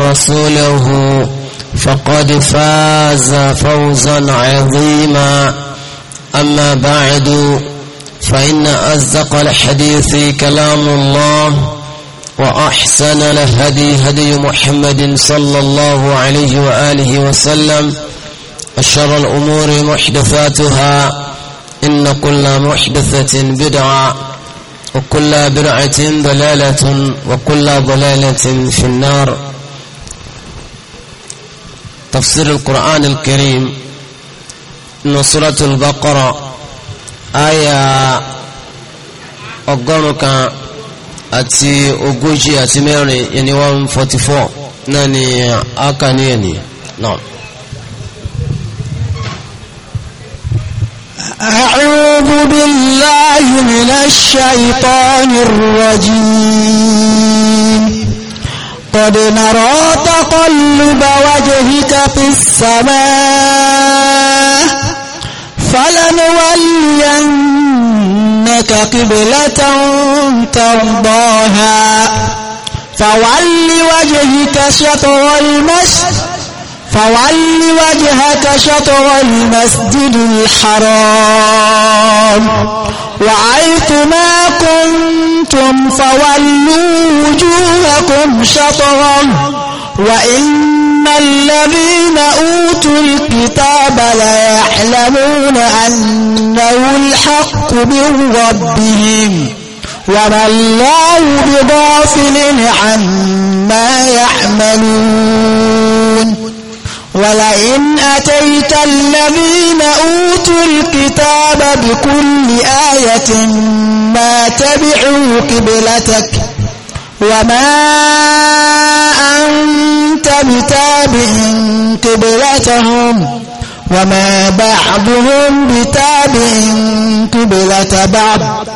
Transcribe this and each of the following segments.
ورسوله فقد فاز فوزا عظيما أما بعد فإن أزق الحديث كلام الله وأحسن لهدي هدي محمد صلى الله عليه وآله وسلم أشر الأمور محدثاتها إن كل محدثة بدعة وكل برعة ضلالة وكل ضلالة في النار تفسير القرآن الكريم نصرة البقرة آية أقرنك أتي أقوجي أتي ميري يعني 144 ناني أكانيني نعم أعوذ بالله من الشيطان الرجيم قد نرى تقلب وجهك في السماء فلنولينك قبلة ترضاها فول وجهك شطر المسجد فول وجهك شطر المسجد الحرام وعيث ما كنت أَقْبَلْتُمْ فَوَلُّوا وُجُوهَكُمْ شطرا وَإِنَّ الَّذِينَ أُوتُوا الْكِتَابَ لَيَعْلَمُونَ أَنَّهُ الْحَقُّ مِنْ رَبِّهِمْ وما الله بغافل عما يعملون ولئن أتيت الذين أوتوا الكتاب بكل آية واتبعوا قبلتك وما أنت بتابع قبلتهم وما بعضهم بتابع قبلة بعض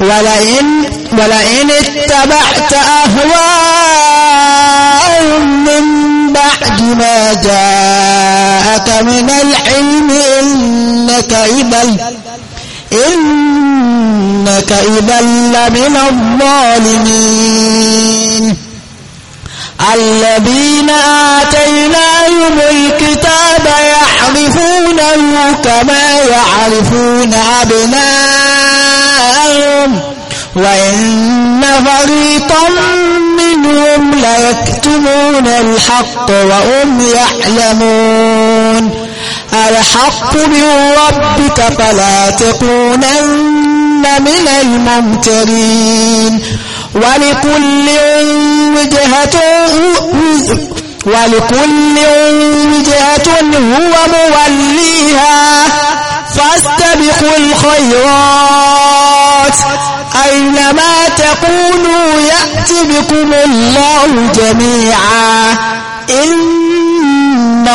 ولئن, ولئن اتبعت أهواءهم من بعد ما جاءك من العلم إنك إذا إنك إذا لمن الظالمين الذين آتيناهم الكتاب يحرفونه كما يعرفون أبناءهم وإن فريقا منهم ليكتمون الحق وهم يعلمون الحق من ربك فلا تكونن من الممترين ولكل وجهة ولكل وجهة هو موليها فاستبقوا الخيرات أينما تكونوا يأت بكم الله جميعا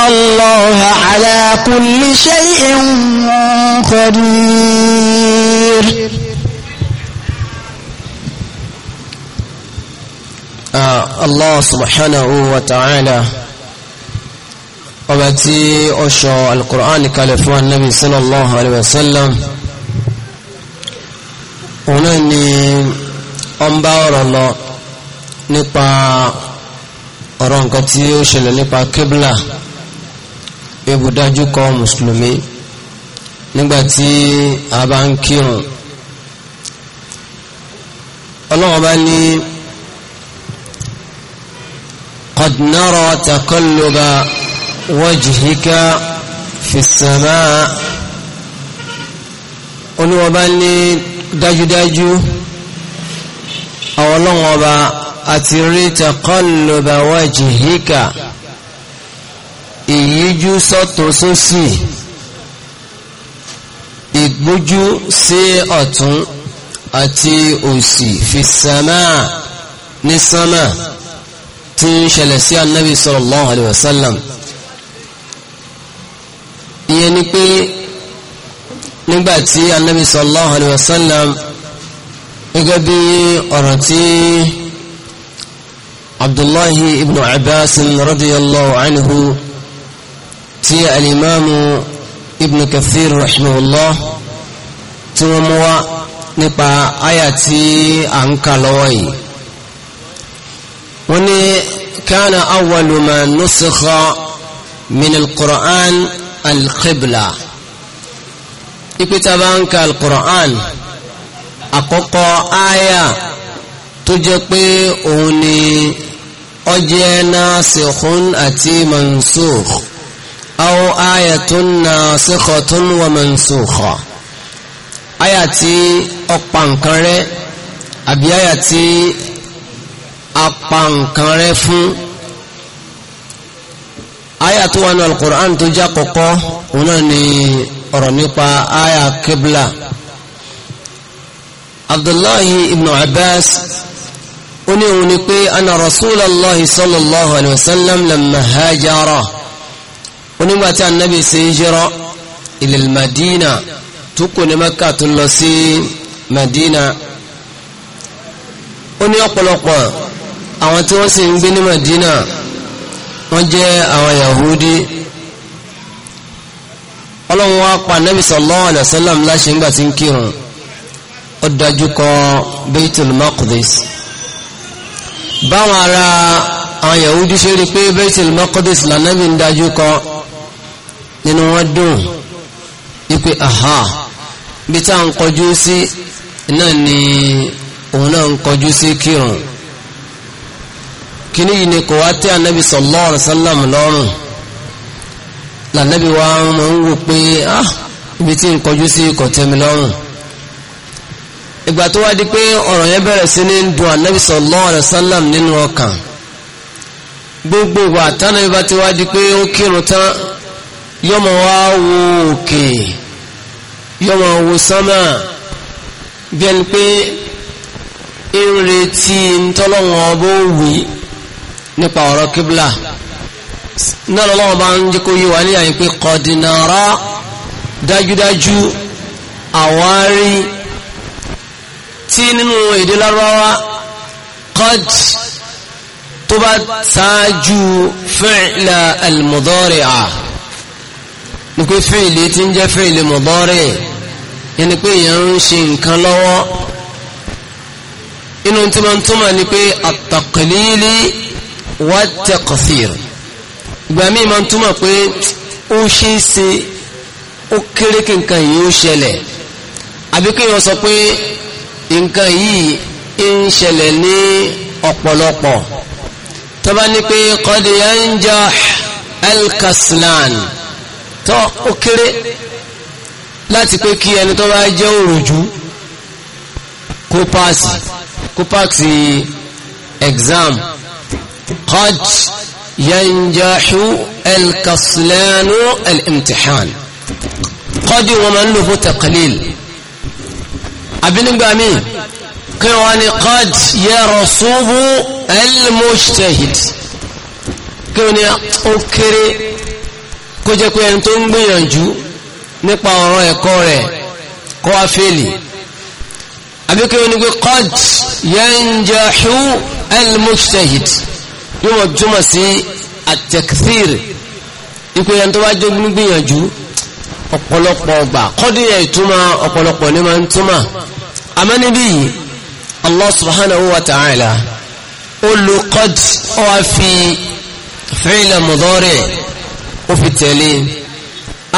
الله على كل شيء قدير الله سبحانه وتعالى وبتي أشعر القرآن كالفوان النبي صلى الله عليه وسلم òun ni الله ń bá ọ̀rọ̀ lọ nípa ọ̀rọ̀ nǹkan tí ó ṣẹlẹ̀ nípa kébìlà ewu dájú kọ mùsùlùmí nígbàtí a bá ń kírun ọlọ́wọ́ bá ní qad nara taqalluba wajhika fi samaa oníwọ̀n bá ní dájúdájú àwọn ọlọ́wọ́ bá àti rí taqalluba wajhika ìyíjú sọ́tún sósì ìgbójú sí ọ̀tún àti òsì fi sàmà ní sàmà tí ń ṣẹlẹ̀ sí anábì sallallahu alaihi wasallam ìyẹn ni pé nígbàtí anábì sallallahu alaihi wasallam gẹ́gẹ́ bí ọ̀rọ̀ tí Abdullahi ibn Abbas radiyallahu anhu tí alimami ibn kathir rahimahullah tí wọ́n mú wá nípa àyà tí a ń kà lọ́wọ́ yìí wọ́n ní kana awwalu ma nusikha min alquran alqibla ipe tá a bá ń ka alquran àkọ́kọ́ àyà tó jẹ́ pé òun ni ó jẹ́ àti mansukh. أو آية ناسخة ومنسوخة آية أقبانكرة أبي آية أقبانكرة فن آية وأن القرآن تجاقق ونني أرنقى آية قبلة عبد الله بن عباس أني أني أن رسول الله صلى الله عليه وسلم لما هاجره onígbà tí anabi ṣe hijira ilal madina tó kò ní maka tó lọ sí madina ó ní ọ̀pọ̀lọpọ̀ àwọn tí wọ́n sì ń gbé ní madina wọ́n jẹ́ àwọn yahudi ọlọ́run wa pa anabi sallallahu alayhi láṣẹ ńgbà tí ń kírun ó dájú kọ baitul maqdis báwọn ará àwọn yahudi ṣe rí pé baitul maqdis lànàbì ń dájú kọ nínú wọn dùn wípé aha bí tá à ń kọjú sí náà ni òun náà ń kọjú sí kírun kíní yìí ni kò wá tẹ́ anabi sallallahu alaihi wasallam lọ́rùn lànàbí wa máa ń wò pé ah ibi tí ń kọjú sí kò tẹ́ mi lọ́rùn ìgbà tó wá di pé ọ̀rọ̀ yẹn bẹ̀rẹ̀ sí ní dùn anabi sallallahu alaihi wasallam nínú ọkàn gbogbo ìgbà tánàbí bá ti wá di pé ó kírun tán yọmọ wá wo òkè yọmọ wo sánmà bí ẹni pé ń retí ntọ́lọ́wọ́n ọbọ̀ òwì nípa ọ̀rọ̀ kíbla náà lọ́wọ́ bá ń jẹ́ kó yí wa ní àyè pé kọ̀dínàrá dájúdájú àwárí tí nínú èdè lárúbáwá qad tó bá ṣáájú fi'la al-mudari'a ní pé fíìlì tí ń jẹ́ fíìlì mọ̀bọ́rì yẹn ni pé èèyàn ń ṣe nǹkan lọ́wọ́ inú tí wọ́n túmọ̀ ni pé àtàkìlílì wà tẹ̀kọ̀sìr ìgbà míì máa ń túmọ̀ pé ó ṣe é ṣe ó kéré kí nǹkan yìí ó ṣẹlẹ̀ àbí kí wọ́n sọ pé nǹkan yìí ń ṣẹlẹ̀ ní ọ̀pọ̀lọpọ̀ tó bá pé qad yanjah tọ́ ó kéré láti pé kí ẹni tó bá jẹ́ òròjú kó paasi kó paasi exam qad yanjahu alkaslanu alimtihan qad wọn máa ń lò fún taqlil abinigba mi kí wọ́n ni qad yarsubu almujtahid ó kéré kó jẹ́ pé ẹni tó ń gbìyànjú nípa ọ̀rọ̀ ẹ̀kọ́ rẹ̀ kó wá fèlì àbíkẹ́ wọn ni pé qad yanjahu al-mujtahid yóò wọ́n túmọ̀ sí at ipò ẹni tó bá jogún gbìyànjú ọ̀pọ̀lọpọ̀ ọgbà kọ́díyà ìtumọ̀ ọ̀pọ̀lọpọ̀ ní máa ń túmọ̀ àmọ́ Allah subhanahu wa ta'ala ó lo fi fi'la mudari' ó fi tẹ̀lé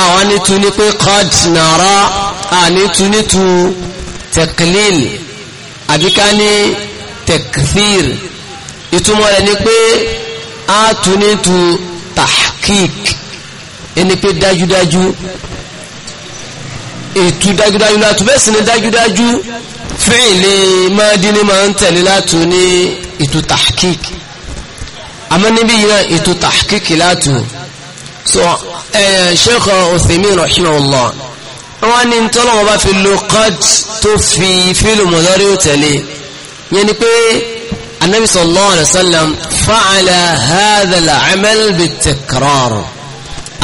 àwọn nítu ní pé qad nara ànítu nítu tẹ̀kílìl àbíká ní tẹ̀kífìr ìtumọ̀ rẹ̀ ni pé a tu nítu tahqiq ẹni pé dájúdájú ètù dájúdájú látú bẹ́ẹ̀ sì ni dájúdájú fíìlì mọ́dí ní máa ń tẹ̀lé látú ní ètò tahqiq àmọ́ níbí yìí náà ètò tahqiq látú so eh, sheikh Uthaymin rahimahullah wọ́n ní tọ́lọ́wọ́ bá fi lo qad tó fi fílù mọ̀lọ́rí tẹ̀lé yẹn ni pé anabi sallallahu alayhi wa sallam fa'ala hadha al-amal bit-takrar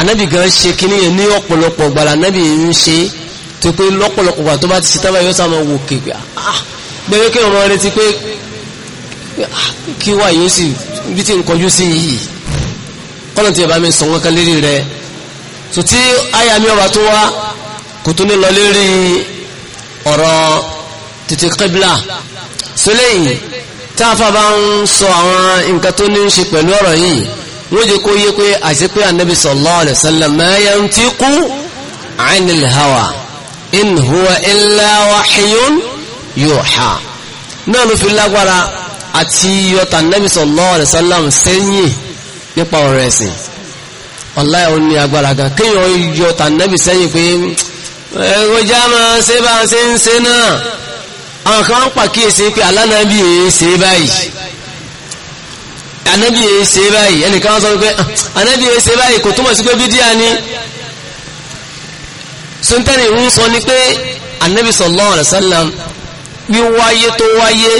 anabi gan ṣe kíní yẹn ní ọ̀pọ̀lọpọ̀ gbala anabi ń ṣe tó pé lọ́pọ̀lọpọ̀ gbà tó bá ti ṣe tábà yóò sábà wò kéèké ah gbẹ́gbẹ́ kí wọ́n retí pé ah, kí wà yóò sì bí ti ń kọjú sí yìí kọ́nà tí bàbá mi sọ wọn kan lérí rẹ̀ tó tí àyà mi ọba tó wá kò tó ní lọ lérí ọ̀rọ̀ tètè kébìlà sọlẹ́yìn tá a fà bá ń sọ àwọn nǹkan tó ní í ṣe pẹ̀lú ọ̀rọ̀ yìí wọ́n jẹ́ kó yé pé àti pé anabi sallallahu alaihi wasallam ma yantiqu anil hawa in huwa illa wahyun yuha náà ló fi lágbára àti yọta anabi sallallahu alaihi wasallam sẹ́yìn nípa ọ̀rọ̀ ẹ̀sìn wallahi ó ní agbára gan kéèyàn yọ tànẹ́bì sẹ́yìn pé ẹ̀rọ já máa ṣe bá ṣe ń ṣe náà àwọn kan ń pàkíyèsí pé alánàbì èé ṣe báyìí anábì èé báyìí ẹnìkan sọ pé anábì ah, èé báyìí kò túmọ̀ sí pé bídíà ni sọ́ńtẹ́nì ń sọ ni pé anábì sallallahu alaihi wasallam wíwáyé tó wáyé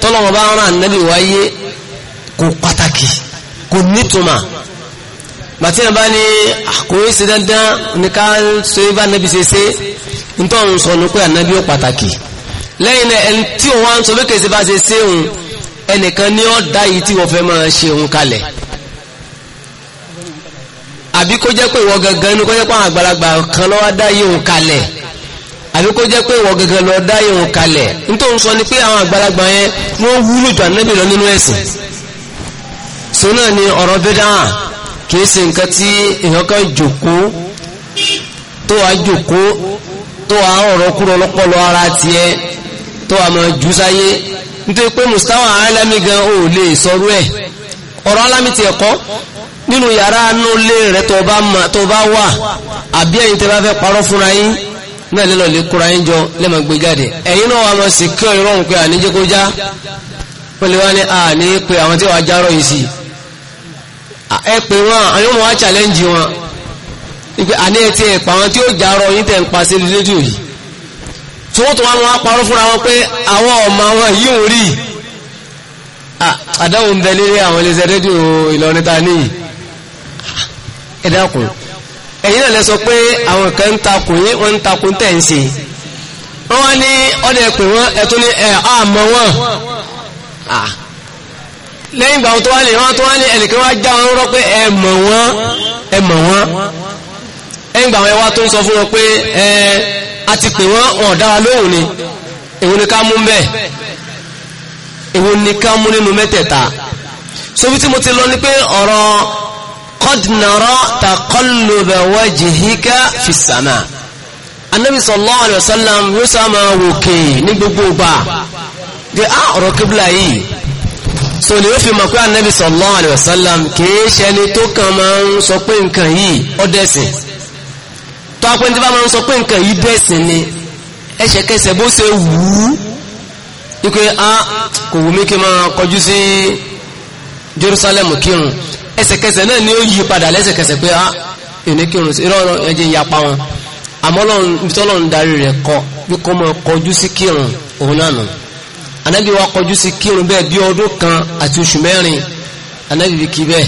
tọ́lọ́wọ́ bá ń rán anábì wáyé kò pàtàkì kò nítumà bàtí ẹ̀ bá ní àkóyè sí dandan ní ká so ibà nẹ́bí ṣe ṣe nítorí òun sọ ní pé ànábí ó pàtàkì lẹ́yìn náà ẹni tí òun wá ń sọ pé kèsì bá ṣe ṣe òun ẹnìkan ní ọ̀dá yìí tí wọ́n fẹ́ máa ṣe òun kalẹ̀ àbí kó jẹ́ pé ìwọ gangan ní kó jẹ́ pé àwọn àgbàlagbà kan lọ́wọ́ dá yìí òun kalẹ̀ àbí kó jẹ́ pé ìwọ gangan lọ́ọ́ dá yìí òun kalẹ̀ nítorí òun sọ ni pé àwọn àgbàlagbà yẹn wọ́n wúlò jù so náà ni ọ̀rọ̀ bídá kìí ṣe nǹkan tí èèyàn kan jòkó tó wàá jòkó tó wàá ọ̀rọ̀ kúrò lọ́pọ̀lọ́ ara tiẹ̀ tó wàá máa jù sáyé nítorí pé mustawa alami gan ò lè sọrú ẹ̀ ọ̀rọ̀ alami tiẹ̀ kọ́ nínú yàrá inú ilé rẹ̀ tó bá wà àbí ẹ̀yin tẹ́ bá fẹ́ parọ́ fúnra yín náà lélọ̀ lè kóra yín jọ lẹ́mọ̀ gbé jáde ẹ̀yin náà wà máa sì kí ọ̀rọ̀ òun pé àníjẹ́ kó já pẹ̀lú wa ní àní pé àwọn tí wàá járọ̀ yìí sí i ẹ pè wọn àwọn ọmọ wa challenge wọn ipe àní ẹ ti ẹ pa wọn tí ó jà rọ yín tẹ̀ ń pa sí rédíò yìí tí wọ́n tó wọn wọn parọ́ fúnra wọn pé àwọn ọmọ wọn yìí ò rí àdáwò ń bẹ lórí àwọn iléeṣẹ́ rédíò Ìlọrin ta níyì ẹ dákun ẹ̀yin náà lẹ sọ pé àwọn kan ń takùn yín wọ́n ń takùn tẹ̀ ń ṣe wọ́n wá ní ọ̀dẹ̀ pè wọ́n ẹ̀ ní ẹ̀ àmọ́ wọn lẹ́yìn ìgbà tó wá lè wọ́n tó wá lè ẹnìkan wá já wọn rọ́ pé ẹ mọ̀ wọ́n ẹ mọ̀ wọ́n ẹ̀yìn ìgbà wọn ẹwà tó ń sọ fún wọn pé ẹ a pè wọ́n wọn lóhùn ni èwo ni ká mú mbẹ́ èwo ni ká mú nínú mẹ́tẹ̀ẹ̀ta sobi tí mo ti lọ ni pé ọ̀rọ̀ kọ́dìnàrọ́ takọ́lùbẹ̀ wajhika fi sama anabi sallallahu alaihi yóò sá máa wòkè ní gbogbo gbà bí ah, ọ̀rọ̀ kíbla yìí so ni ó fi mọ̀ pé anabi sallallahu alayhi wa sallam kìí ṣẹni tó kàn máa ń sọ pé nǹkan yìí ó dẹ̀sìn tó apẹ́ tí bá máa ń sọ pé nǹkan yìí dẹ̀sìn ni ẹsẹ̀kẹsẹ̀ bó ṣe wù ú wípé a ah, kò wù mí kí n máa kọjú sí Jerusalem kírun ẹsẹ̀kẹsẹ̀ náà ni ó yí padà lẹ́sẹ̀kẹsẹ̀ pé a ah, èmi kírun sí irọ́ ẹ̀jẹ̀ ń yapa wọn àmọ́ lọ́run ibi tọ́lọ́run darí rẹ̀ kọ bí kò máa kọjú sí kírun òun náà nù anabi wa kọjú sí kírun bẹ́ẹ̀ bí ọdún kan àti oṣù mẹ́rin anabi fi kí bẹ́ẹ̀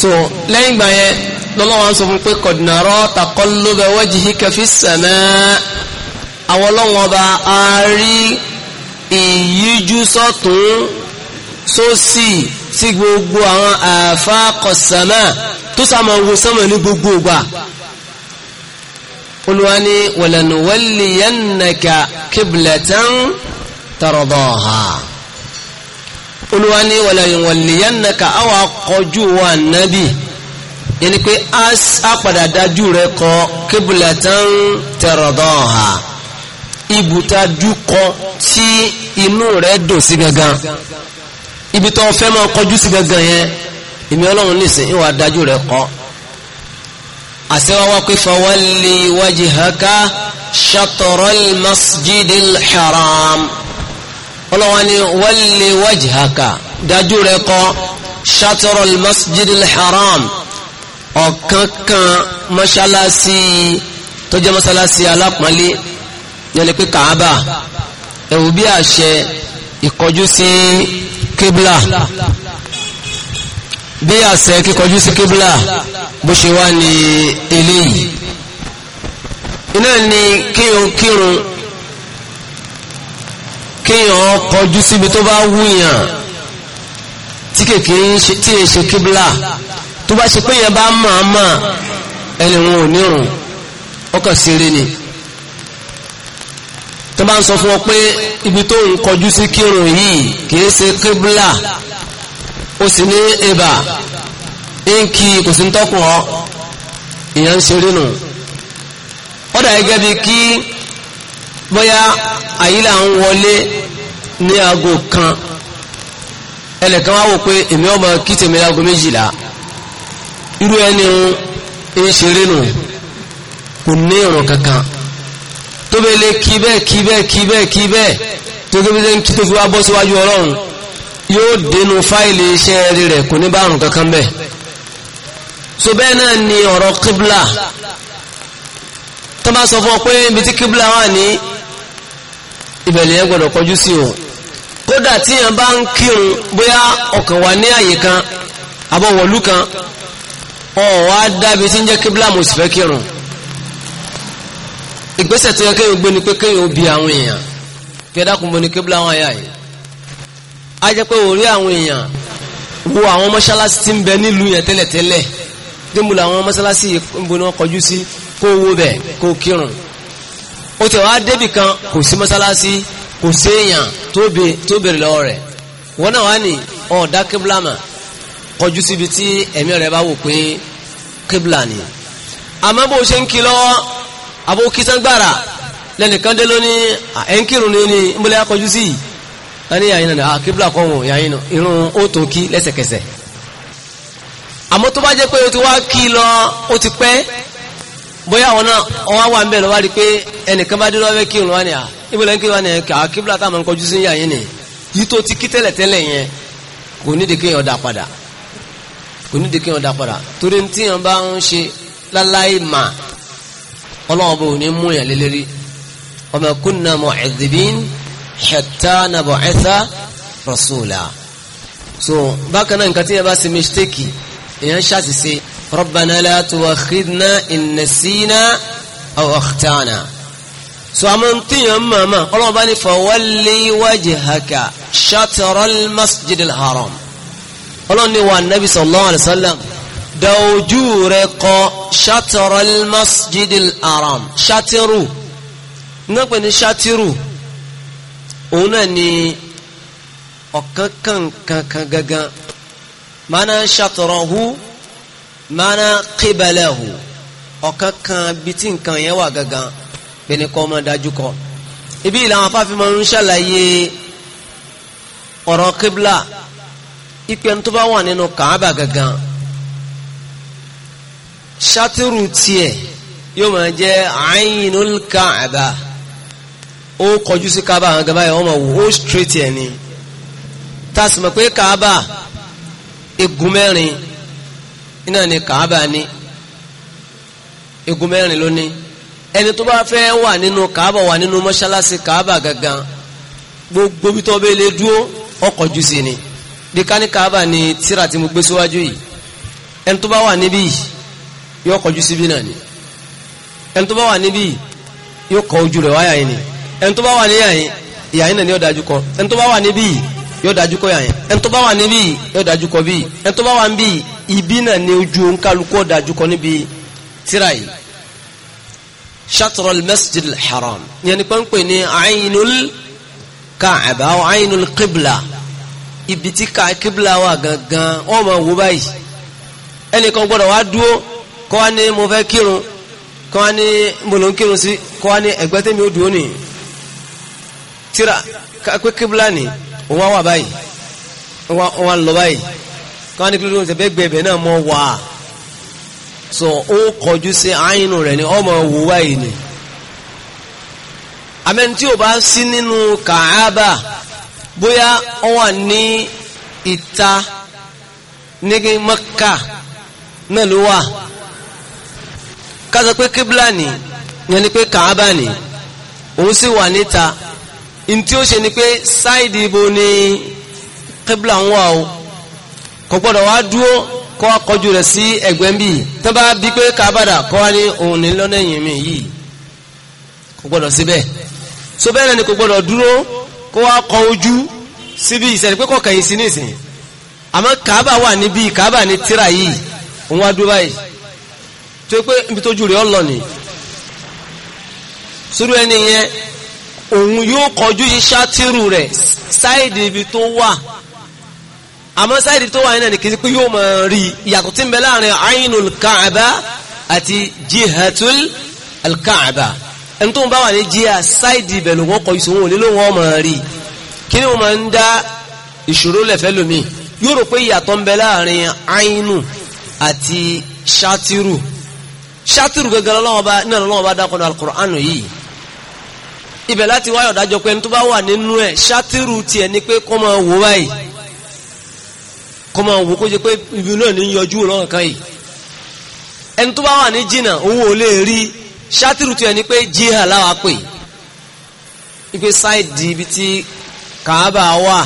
so lẹ́yìn ìgbà yẹn lọ́lọ́wọ́ sọ fún pé kọ̀dùnàrọ́ taqalluba wajhika fis samaa àwọn ọlọ́wọ́n ọba a rí ìyíjú sọ́tún sósì tí gbogbo àwọn àfáàkọ̀ sàmà tó sàmà wo sàmà ní gbogbo ìgbà olùwà ni walanuwalliyannaka qiblatan tọrọbọha olúwa ní wàlẹ̀ ìwọ̀lìyànnaka àwọn akọjú wa nábì yẹni pé a padà dájú rẹ kọ kébùlà tán tẹrọbọha ibùtajú kọ tí inú rẹ dùn sí gangan ibi tó fẹ́ máa kọjú sí gangan yẹn èmi ọlọ́run nìsín ìwà dájú rẹ kọ àṣẹwáwá pé fawalli wajhaka shatrul masjidil haram ọlọ́wọ́n ni walli wajhaka dájú rẹ kọ́ shatrul masjidil haram ọ̀kankan mọ́ṣáláṣí tó jẹ́ mọ́ṣáláṣí alápọ̀nlé yẹn pé kàábà ẹ̀wù bí àṣẹ ìkọjú sí kébìlà bí àṣẹ kíkọjú sí kébìlà bó ṣe wá ní eléyìí iná ni kírun kírun kéèyàn kọjú síbi tó bá wúyàn tí kèké tí è ṣe kíbla tó bá ṣe pé yẹn bá màmá ẹni wọn ò nírun ọkàn ṣeré ni tó bá ń sọ fún ọ pé ibi tó ń kọjú sí kírun yìí kìí ṣe kíbla ó sì ní ibà ń kí kò sí ń tọkùn ọ ìyẹn ń ṣeré nù ọ̀dà gẹ́gẹ́ bí kí bóyá àyílà ń wọlé ní aago kan ẹnìkan wá wò pé èmi ọmọ kí tèmi láago méjìlá irú ẹni ń ṣeré nù kò ní ìrùn kankan tó bẹ lé kí bẹ́ẹ̀ kí bẹ́ẹ̀ kí bẹ́ẹ̀ kí bẹ́ẹ̀ tó tó bí kí tó fi wá bọ́ síwájú ọlọ́run yóò dénú fáìlì iṣẹ́ rẹ̀ kò ní bá àrùn kankan bẹ́ẹ̀ so bẹ́ẹ̀ náà ni ọ̀rọ̀ kíbla tó bá sọ fún ọ pé ibi tí kíbla wà ní ìbẹ̀lẹ̀ yẹn gbọ́dọ̀ kọjú sí o kódà tí yẹn bá ń kírun bóyá ọkàn wà ní àyè kan abọ́wọ̀lú kan ọ̀wá dábi tí ń jẹ́ kíbla mo sì fẹ́ kírun ìgbésẹ̀ tó yẹ kéèyàn gbé ni pé kéèyàn ó bi àwọn èèyàn kí ẹ dákun mo ní kíbla wọn àyà yìí á jẹ́ pé orí àwọn èèyàn wo àwọn mọ́ṣáláṣí tí ń bẹ nílùú yẹn tẹ́lẹ̀tẹ́lẹ̀ démúlò àwọn mọ́ṣáláṣí yìí ń bo ni wọ́n kọjú sí kó wo bẹ̀ kó kírun ó ti wá débì kan kò sí mọ́sálásí kò sí èèyàn tó bèrè lọ́wọ́ rẹ̀ wọ́n náà wá ní ọ̀ọ́dá kébùlámà kọjú síbi tí ẹ̀mí rẹ̀ bá wò pé kébùlà ni àmọ́ bó ṣe ń kí lọ́wọ́ àbó kìsàngbàrà lẹ́nìkan dé lóní ẹ̀ńkìrùn ní ní mbọ́lẹ́ akọjú sí yìí wọ́n ní yàyìn náà kébùlà kọ́ wọn yàyìn náà irun ó tó kí lẹ́sẹ̀kẹsẹ̀ àmọ́ tó bá jẹ́ pé o ti wá kí lọ ó ti pẹ́ bóyá àwọn náà wọn wà ń bẹ̀ lọ́wọ́ rí pé ẹnìkan bá dé lọ́wọ́ kí irun wá ní à ibùdó ń kí wá ní kà á kí máa ń kọjú sí yà yín ni yìí tó ti kí tẹ́lẹ̀ tẹ́lẹ̀ yẹn kò ní dèké yàn dá padà kò ní dèké yàn dá padà torí tí yàn bá ń ṣe láláì mà ọlọ́wọ́n bò ní mú yàn lélẹ́rí ọmọ kunna mu'adhibin hatta nab'atha rasula so bákan náà nǹkan tí yàn bá ṣe mistake èèyàn ṣàṣìṣe ربنا لا تؤاخذنا إن نسينا أو أخطأنا سأمنتي أماما قالوا بني فولي وجهك شطر المسجد الحرام قالوا أني والنبي صلى الله عليه وسلم دوجورك شطر المسجد الحرام شطروا نقول شطروا هنا ني ọ̀kan kan kan kan mana qibalahu ọ̀kan kan bí tí nǹkan yẹn wà gangan pé ní kọ́ dájú kọ ibi ìlànà afáfin máa ń ṣàlàyé ọ̀rọ̀ qibla ipe tó bá wà nínú kàábà gangan ṣátìrù tiẹ̀ yóò máa jẹ́ ainul kàábà ó kọjú sí kàábà àwọn gàbá yẹn wọ́n máa wò ó straight ẹ̀ ni tá a sì mọ̀ pé kàábà igun mẹ́rin iná ni kàábà ni igun mẹ́rin ló ní ẹni tó bá fẹ́ wà nínú kàábà wà nínú mọ́ṣáláṣí kàábà gangan gbogbo bí tó bẹ́ lè dúró ọkọ̀ jù sí ni bí ká ní kàábà ni tíra tí mo gbé síwájú yìí ẹni tó bá wà níbí yìí yóò kọjú síbí náà ni ẹni tó bá wà níbí yìí yóò kọ ojú rẹ̀ wáyà yìí ni ẹni tó bá wà níyà yìí ìyà yìí náà ni yóò dájú kọ ẹni tó bá wà níbí yìí yóò dájú kọ yà yìí ẹni tó bá wà níbí yìí yóò dájú kọ bí ẹni tó bá wà níbí yìí ibi náà ni ojú nkálukọ́ dájú kọ níbi tíra yìí shatrul masjid haram yẹn nípa ń ní ainul kaaba aw ainul qibla ibi tí ka qibla wà gangan wọ́n máa wò báyìí ẹnìkan gbọ́dọ̀ wá dúró kọ́ wá ní mo fẹ́ kírun kọ́ wá ní mbọ̀lọ́ kírun sí kọ́ wá ní ẹgbẹ́ tẹ́mi ó dúró nìyí tíra pé kíbla ni òun wá wà báyìí òun wá lọ báyìí káwọn ní kí ló dé ìṣẹ̀bẹ́ gbẹ̀bẹ̀ náà mọ̀ wá so ó kọjú sí àyínú rẹ̀ ni ọmọ wò wáyé ni amẹ́ni tí ò bá sí nínú kàábà bóyá ó wà ní ìta ní Mẹ́kà náà ló wà kásọ pé kíbla ni yẹn ni pé kàábà ni òun sì wà níta ntí ó ṣe ni pé sáìdì ibo ni kíbla ń wà o kò gbọ́dọ̀ wá dúró kọ́ wá kọjú rẹ̀ sí ẹ̀gbẹ́ bí tó bá bí pé kábàdà kọ́ wá ní òun ní lọ́nẹ̀yìn mi yìí kò gbọ́dọ̀ síbẹ̀ so bẹ́ẹ̀ ni kò gbọ́dọ̀ dúró kọ́ wá kọ ojú síbi ìṣẹ̀lẹ̀ pé kọ̀ kẹ̀yìn sí nìsín àmọ́ kábà wà níbí kábà ní tíra yìí òun wá dúró báyìí tó pé ibi tójú rẹ̀ ọ̀lọ́ ni sórí ẹni yẹn òun yóò kọjú iṣẹ́ tírù rẹ̀ sáìdì ibi tó wà àmọ́ sáìdì tó wà nínú kìí pé yóò máa rí ìyàtọ̀ tí ń bẹ láàrin ainul kaaba àti jihatul alkaaba ẹni tó ń bá wà ní jíà sáìdì ìbẹ̀lú wọn kọ ìṣòwò nílò wọn máa rí kí ni wọn máa ń dá ìṣòro lẹ̀fẹ́ lómi yóò rò pé ìyàtọ̀ ń bẹ láàrin ainu àti ṣáàtìrù ṣáàtìrù gẹ́gẹ́ lọ́wọ́ bá náà lọ́wọ́ bá dákọ̀ọ́ alukur'anu yìí ibẹ̀ láti wáyọ̀ dájọ́ pé ẹni tó bá wà nínú ẹ̀ ṣáàtìrù tiẹ̀ ni pé kọ́ máa wò báyìí kọ́ máa wò kó jẹ́ pé ibi náà ní yọjú lọ́wọ́ kan yìí ẹni tó bá wà ní jìnnà owó ò lè rí ṣátìrù tó yẹ ni pé jíhà láwa pè ipe sáìdì ibi tí kàábà wà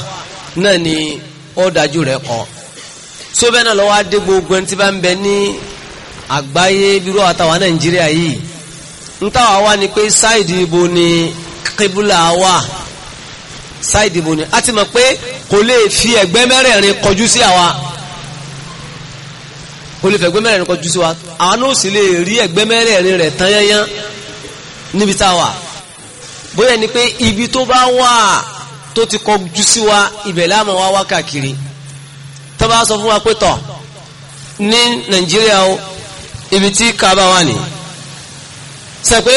náà ni ó dájú rẹ̀ kọ́ tí ó bẹ́ẹ̀ náà lọ́wọ́ adé gbogbo ẹni tí bá ń bẹ ní àgbáyé bíró àtàwọn Nàìjíríà yìí ń táwa wà ní pé sáìdì ibo ni kíbùlà wà sáìdì bò ní a ti mọ̀ pé kò lè fi ẹ̀gbẹ́ mẹ́rẹ̀ẹ̀rin kọjú sí àwa kò lè fi ẹ̀gbẹ́ mẹ́rẹ̀ẹ̀rin kọjú sí wa àwa náà sì lè rí ẹ̀gbẹ́ mẹ́rẹ̀ẹ̀rin rẹ̀ tán yányán níbi tá a wà bóyá ni pé ibi tó bá wà tó ti kọjú sí wa ibẹ̀ láàmú wa wá káàkiri tó bá sọ fún wa pé tọ̀ ní nàìjíríà o ibi tí kaaba wà ní sọ pé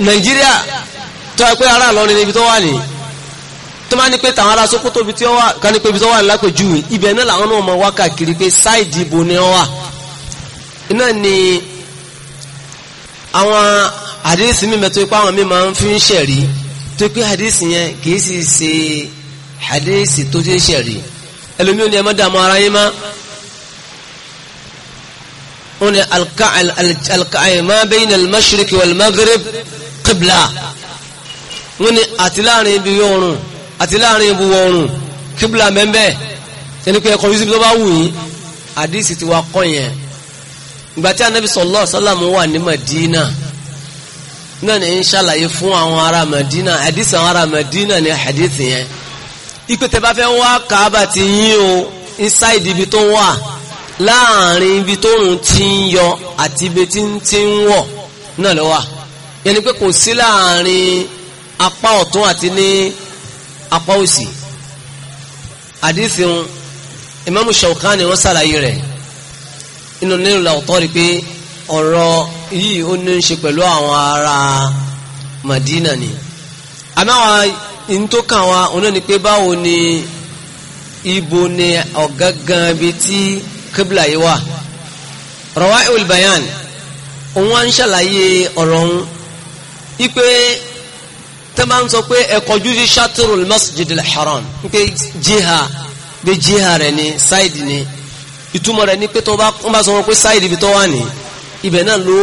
nàìjíríà tó yẹ pé ara Ìlọrin níbi tó wà ní tó máa ní pé tàwọn ará Sókótó bí tí wọ́n wà kání pé bí tí wọ́n wà lápèjúwe ibẹ̀ náà làwọn náà máa wá káàkiri pé sáìdì ibo ni wọ́n wà iná ni àwọn àdéhìsí mímẹ́ tó ipá àwọn mímọ́ ń fi ń ṣẹ̀rí tó pé àdéhìsí yẹn kìí sì ṣe àdéhìsí tó ti ń ṣẹ̀rí ẹlòmíì ni ẹ má dààmú ara yín má wọn ni alkaima bayna al-mashriq wal-maghrib qibla wọn ni àti láàrin ibi yóò rùn àti láàrin ìbúwọ̀ oòrùn kíbla mẹ́mbẹ́ tẹni pé ẹkọ̀ yusuf tó bá wù yín àdísì ti wá kọ́ yẹn ìgbà tí anabi sallallahu alaihi wasallam wà ní Madina náà ní ń ṣàlàyé fún àwọn ará Madina àdísì àwọn ará Madina ní àdísì yẹn ipe tẹ bá fẹ́ wá Kaaba ti yín o inside ibi tó wà láàrin ibi tó ń ti ń yọ àti ibi tí ń ti ń wọ̀ náà ló wà yẹn pé kò sí láàrin apá ọ̀tún àti ní apá òsì àdìsí wọn Imamu Shawkani wọ́n sàlàyé rẹ̀ inú nílò làwùtọ́ rí pé ọ̀rọ̀ yìí ó ní í ṣe pẹ̀lú àwọn ará Madina ni àmáwa ní tó kàn wá òun náà ni pé báwo ni ibo ni ọ̀gángan ibi tí kébìlà yìí wà Rawaiul Bayan òun wá ń ṣàlàyé ọ̀rọ̀ òun wípé tó máa ń sọ pé ẹ kọjú sí shatrul masjidil haram pé jíha pé jíha rẹ̀ ni sáìdì ni ìtumọ̀ rẹ̀ ni pé tó bá sọ wọn pé sáìdì ibi tó wà ní ibẹ̀ náà ló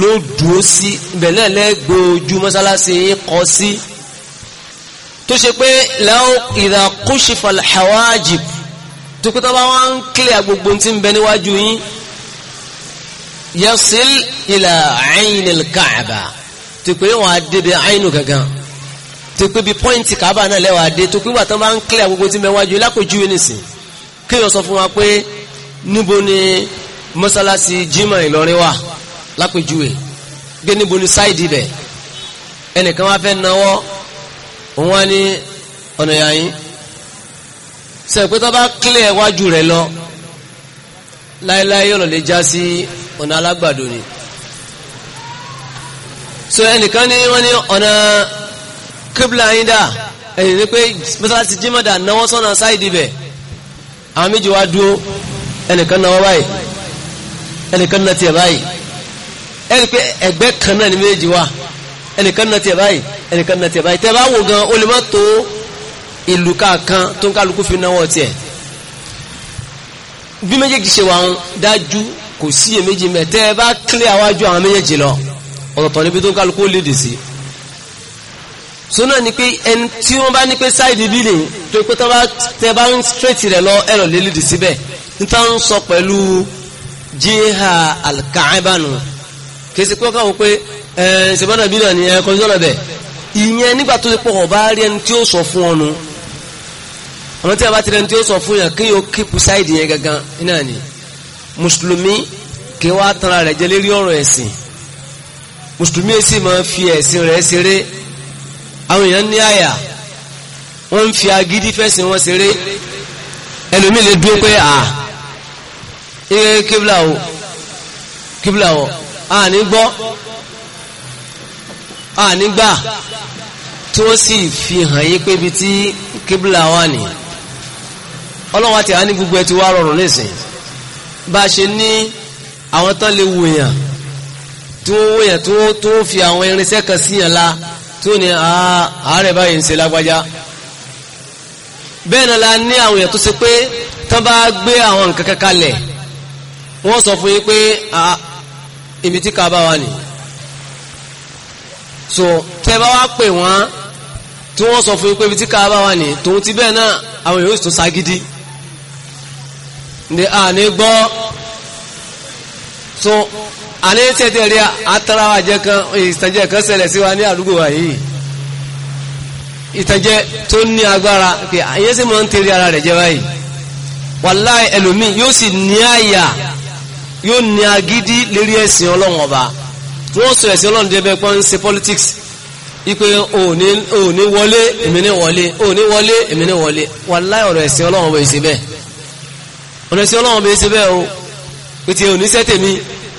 ló dúró sí ibẹ̀ náà lẹ́gbẹ̀ẹ́ mọ́sálásí kọ́ sí tó ṣe pé lẹ́wọ́ ìdàkúṣìfàl hawajib tó pé tó bá wá ń kílẹ̀ gbogbo tí ń bẹ níwájú yín yasil ila ainil káàbà tó pé de á dé bẹ àyínú gangan tó pé bí pọ́ìntì kábà náà lẹ́wàá dé tó pé wọn àtàn bá ń kílẹ̀ gbogbo tí mẹ́wájú lákòjúwe nìsín kéèyàn sọ fún wa pé níbo ni mọ́sálásí jimoh Ìlọrin wà lákòjúwe gbé níbo ni sáìdì bẹ̀ ẹnìkan wá fẹ́ náwó òun wá ní ọ̀nà yàyín sẹ̀pẹ́ tó bá kílẹ̀ wájú rẹ̀ lọ láéláé yọ̀nà lè já sí ọ̀nà alágbàdo ni so ẹnìkan ní wọ́n ní ọ̀nà kíbla yín dà ẹ̀yìn ní pé mẹ́sàlásì jímọ̀dà náwó sọ́nà sáìdì bẹ̀ àwọn méjì wá dúró ẹnìkan náwó báyìí ẹnìkan náà tiẹ̀ báyìí ẹnì pé ẹgbẹ́ kan náà ní méjì wá ẹnìkan náà tiẹ̀ báyìí ẹnìkan náà tiẹ̀ báyìí tẹ́ bá wò gan o lè má tó ìlú kankan tó ń kálukú fi náwó tiẹ̀ bí méjèèjì ṣe wà ń dájú kò síyèméjì mẹ́ tẹ́ bá kílẹ̀ àwájú àwọn méjèèjì lọ ọ̀tọ̀ọ̀tọ̀ níbi tó kálukú lè dì sí sónà ni pé ẹni tí wọ́n bá ní pé sáìdì bí lè tó pé tó bá tẹ bá ń straight rẹ̀ lọ ẹ̀rọ lè lè síbẹ̀ níta ń sọ pẹ̀lú jíhà alkaibanu kèsì pé káwọn pé ẹ ṣèbọ́nà bí náà ni ẹ kọjú lọ́nà bẹ̀ ìyẹn nígbà tó ti pọ̀ ọ̀bá rí ẹni tí ó sọ fún ọ nu àwọn tí a bá ti rẹ ẹni tí ó sọ fún yàn kí yóò kíkù sáìdì yẹn gangan náà ni mùsùlùmí kí wọ́n á tara rẹ̀ jẹ lérí ọ̀rọ̀ ẹ̀sìn mùsùlùmí èsì máa fi ẹ̀sìn rẹ̀ ṣeré àwọn èèyàn ní àyà wọ́n ń fi agídí fẹ́sìn wọn ṣeré ẹlòmí lè dúró pé à ẹ kíbla o kíbla o à ní gbọ́ à ní gbà tí wọ́n sì fi hàn yí pé ibi tí kíbla wà ní ọlọ́wọ́ àti àwọn ní gbogbo ẹ ti wá rọrùn nísìn bá a ṣe ní àwọn tán lè wòyàn tí wọ́n wéyàn tí wọ́n tó fi àwọn irinṣẹ́ kan síyàn la tí ó ní àárẹ̀ báyìí ń ṣe lágbájá bẹ́ẹ̀ náà la ní àwọn èèyàn tó ṣe pé tán bá gbé àwọn nǹkan kan kalẹ̀ wọ́n sọ fún yín pé ibi tí ká bá wà nì so tẹ́ bá wá pè wọ́n tí wọ́n sọ fún yín pé ibi tí ká bá wà nì tòun ti bẹ́ẹ̀ náà àwọn èèyàn tún ságídí ní àní gbọ́ so àní tẹ́tẹ́ rí atarawa jẹ́ kan ìtànjẹ kan ṣẹlẹ̀ sí wa ní àdúgbò wa yìí ìtànjẹ tó ní agbára pé àyẹ́ sì máa ń tẹ̀lé ara rẹ̀ jẹ́ báyìí wàláì ẹlòmíì yóò sì ní àyà yóò ní agídí lérí ẹ̀sìn ọlọ́run ọba wọ́n sọ ẹ̀sìn ọlọ́run débẹ̀ pọ́n ṣe politics ipe òní òní wọlé èmi ní wọlé òní wọlé èmi ní wọlé wàláì ọ̀rọ̀ ẹ̀sìn ọlọ́run ọba ìṣe bẹ́ẹ̀ ọ̀rọ̀ ẹ̀sìn ọlọ́run ọba ìṣe bẹ́ẹ̀ o pété òní sẹ́tẹ̀mí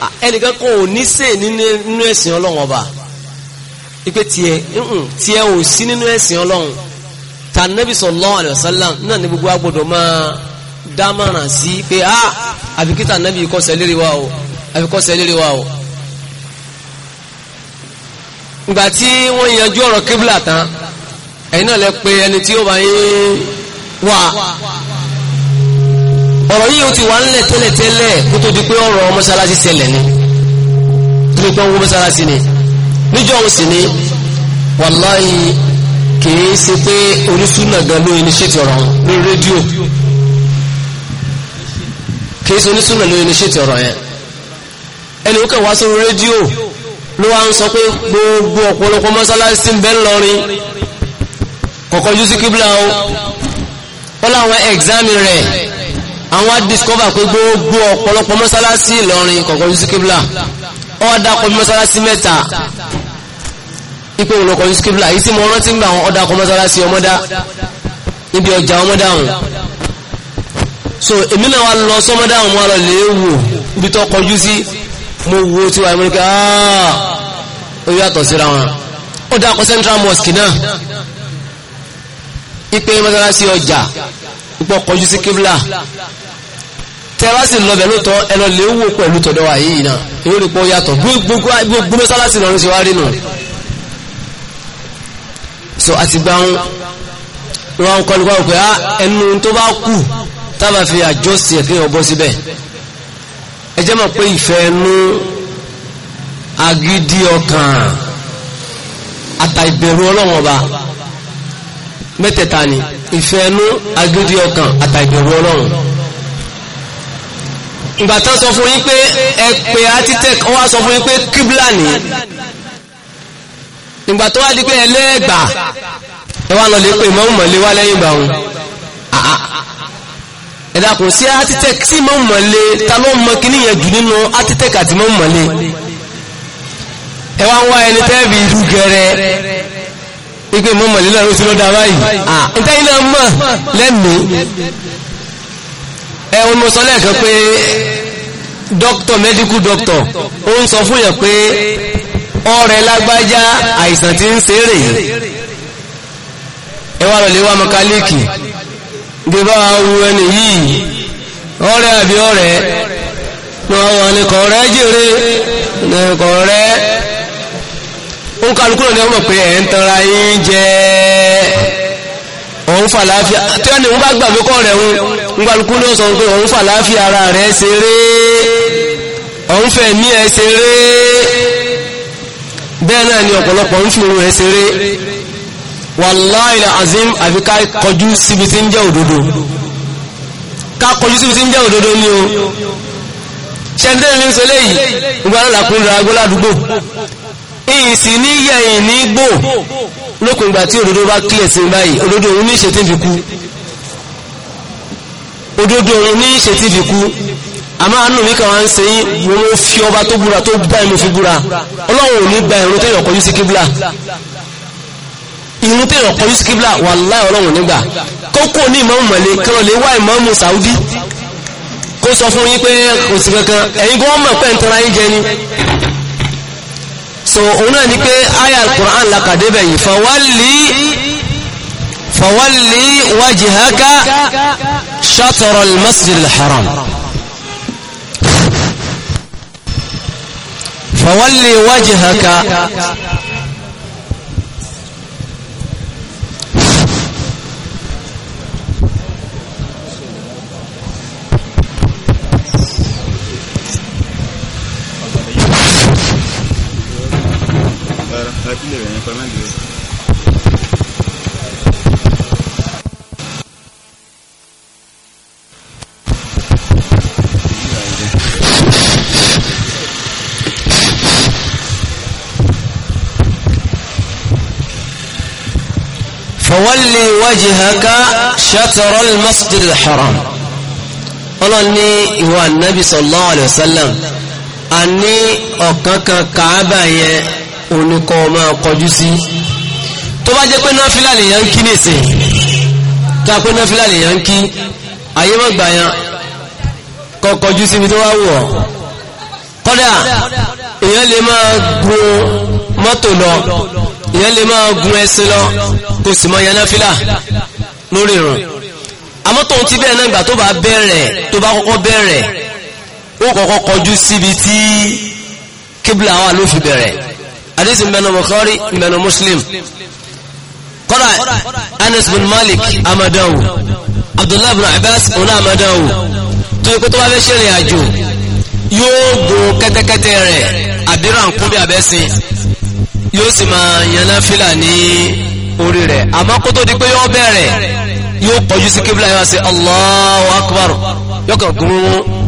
Ah, ẹnìkan kan ò ní sè nínú ẹ̀sìn ọlọ́run ọba ipe tiẹ̀ tiẹ̀ ò sí nínú ẹ̀sìn ọlọ́run ta nabi sallallahu alaihi wasallam náà ní gbogbo agbọ́dọ̀ máa dámọ̀ràn sí pé a ah, àfikíta nabi kọ́sẹ̀ lérí wa o àfikọ́sẹ̀ lérí wa o ìgbà tí wọ́n yanjú ọ̀rọ̀ kíbla tán ẹ̀yin náà lẹ pé ẹni tí ó bá yín wà ọ̀rọ̀ yìí ó ti wà ńlẹ̀ tẹ́lẹ̀tẹ́lẹ̀ kó tó di pé ọ̀rọ̀ mọ́ṣáláṣí ṣẹlẹ̀ ni tó di pé ọwọ́ mọ́ṣáláṣí ni níjọ́ òun sì ni wàláhì kìí ṣe pé onísúnà gan ló initiate ọ̀rọ̀ lórí rédíò kìí ṣe onísúnà ló initiate ọ̀rọ̀ yẹn ẹni ó kàn wá sórí rédíò ló wá ń sọ pé gbogbo ọ̀pọ̀lọpọ̀ mọ́ṣáláṣí ń bẹ ńlọrin kọ̀kọ́ yusuf kibla o ó láwọn ẹ̀gzámì rẹ̀ àwọn wá discover pé gbogbo ọ̀pọ̀lọpọ̀ mọ́sálásí Ìlọrin kọ̀ọ̀kan yusuf kibla ọ̀dà kọ́ mọ́sálásí mẹ́ta ipò òlọ́kọ̀ yusuf kibla èyí tí mo rántí ń gbà wọn ọ̀dà kọ́ mọ́sálásí ọmọdá níbi ọjà ọmọdá wọn so èmi náà wá lọ sọmọdá wọn mo lọ lè wò ibi tó kọjú sí mo wo tiwa ìmọ̀ nípa ah! ó yàtọ̀ síra wọn ọ̀dà kọ́ central mosque náà ipe mọ́sálásí ọjà ipò kọjú sí kibla tẹ́wá sì lọ bẹ̀ lóòótọ́ ẹlọ lè wò pẹ̀lú tọ̀dọ̀ wà yìí náà èyí rí pọ́ yàtọ̀ gbogbo mọ́sálásì lọ́rún sí wá rí nù so àti gba wọn wọn kọ́ lùkọ́ pé á ah, ẹnu tó bá kù tábà fi àjọ sí ẹ̀ kéèyàn bọ́ síbẹ̀ ẹ jẹ́ mọ̀ pé ìfẹ́ ẹnu agídí ọkàn àtà ìbẹ̀rù ọlọ́wọ́n ọba mẹ́tẹ̀ẹ̀ta ni ìfẹ́ ẹnu agídí ọkàn àtà ìbẹ̀rù ọlọ́wọ́n ìgbà tán sọ fún yín pé ẹ pé architect ó wá sọ fún yín pé kíbla ni ìgbà tó wá di pé ẹlẹ́ẹ̀gbà ẹ wá lọ lè pè mọ́mù mọ̀lé wá lẹ́yìn ìgbà wọn ah, ah, ah. ẹ dákun sí architect sí mọ́mù mọ̀lé ta ló mọ kíní yẹn jù nínú architect àti mọ́mù mọ̀lé ẹ wá ń wá ẹni tẹ́ẹ̀bì ìlú gẹrẹ ipe mọ́mù mọ̀lé lọ́rọ̀ sí lọ́dà báyìí ǹtẹ́yìn náà mọ̀ lẹ́nu ẹ o mo sọ lẹ́ẹ̀kan pé doctor medical doctor ó ń sọ fún yẹn pé ọrẹ lágbájá àìsàn tí ń ṣe rè ẹ wá lọlé wá mọkálíkì bí bá wu ẹni yìí ọrẹ àbí ọrẹ ní wọn wà ní kọrẹ jèrè ní kọrẹ ó kálukú lọ ní ọmọ pé ẹ ń tanra yín jẹ ẹ òun fà láàfíà tí wọ́n ni wọ́n bá gbàgbé kọ́ rẹ̀ ń gbàlùkú ló sọ pé òun fà láàfíà ara rẹ̀ ṣeré òun fẹ̀ mí ẹ ṣeré bẹ́ẹ̀ náà ni ọ̀pọ̀lọpọ̀ ń fi òun ẹ ṣeré wàláì azim àfi ká kọjú síbi tí ń jẹ́ òdodo ká kọjú síbi tí ń jẹ́ òdodo ni o ṣẹ́ńtẹ́ mi ń sọ léyìí ìgbà náà làkúndà agbóládùgbò ìsì ní yẹ ìní gbò lókùn ìgbà tí òdodo bá kílẹ̀ sí báyìí òdodo òun ní ṣe tí fi kú òdodo òun ní ṣe tí fi kú àmọ́ àánú mi kàn wá ń sẹ́yìn mo fi ọba tó búra tó bá ẹnu fi búra ọlọ́run ò ní gba ìrún tẹ́yọ̀ kọjú sí kíbla ìrún tẹ́yọ̀ kọjú sí kíbla wàláhì ọlọ́run nígbà kókó ní ìmáàmù mọ̀lẹ́ kan lè wá ìmáàmù Saudi kó sọ fún yín pé kò sí kankan ẹ̀yin gbọ́n mọ̀ pẹ́ ń tọ́ra yín jẹ ni so òun náà ni pé aya al-Qur'an la kàdébẹ̀ yìí fawalli fawalli wajhaka shatr al-masjid fawalli wajhaka Tranquilo, bien, permanente. fawalli wajihaka ṣataral masjid haram ọlọ́n ní ìwà nabi sallallahu alaihi wasallam a ní ọ̀kankan kàábà yẹn oníkọ́ máa kọjú sí tó bá jẹ́ pé náfílà lèyàn ń kí nìsín tó bá pé náfílà lèyàn ń kí ayé mọ́ gbà yẹn kọ́ kọjú síbi tó wá wù ọ́ kọ́dà èyàn lè máa gun mọ́tò lọ èyàn lè máa gun ẹṣin lọ kò sì mọ yẹn náfílà lórí ìrùn àmọ́ tó ń ti bẹ́ẹ̀ náà ìgbà tó bá bẹ̀rẹ̀ tó bá kọ́kọ́ bẹ̀rẹ̀ ó kọ́kọ́ kọjú síbi tí kíbla wà ló fi bẹ̀rẹ̀ hadith mbẹnu bukhari mbẹnu muslim kọ́ra anas bin malik amadawu abdullahi bin abbas ona amadawu tó ikú tó bá fẹ́ ṣẹlẹ̀ àjò yóò gun kẹ́tẹ́kẹ́tẹ́ rẹ̀ àbírà ń kú bí abẹ́sìn yóò sì máa yànnà fìlà ní orí rẹ̀ àmọ́ kó tó di pé yóò bẹ̀rẹ̀ yóò pọ̀jú sí kíbla yóò ṣe allahu akbar yóò kàn gún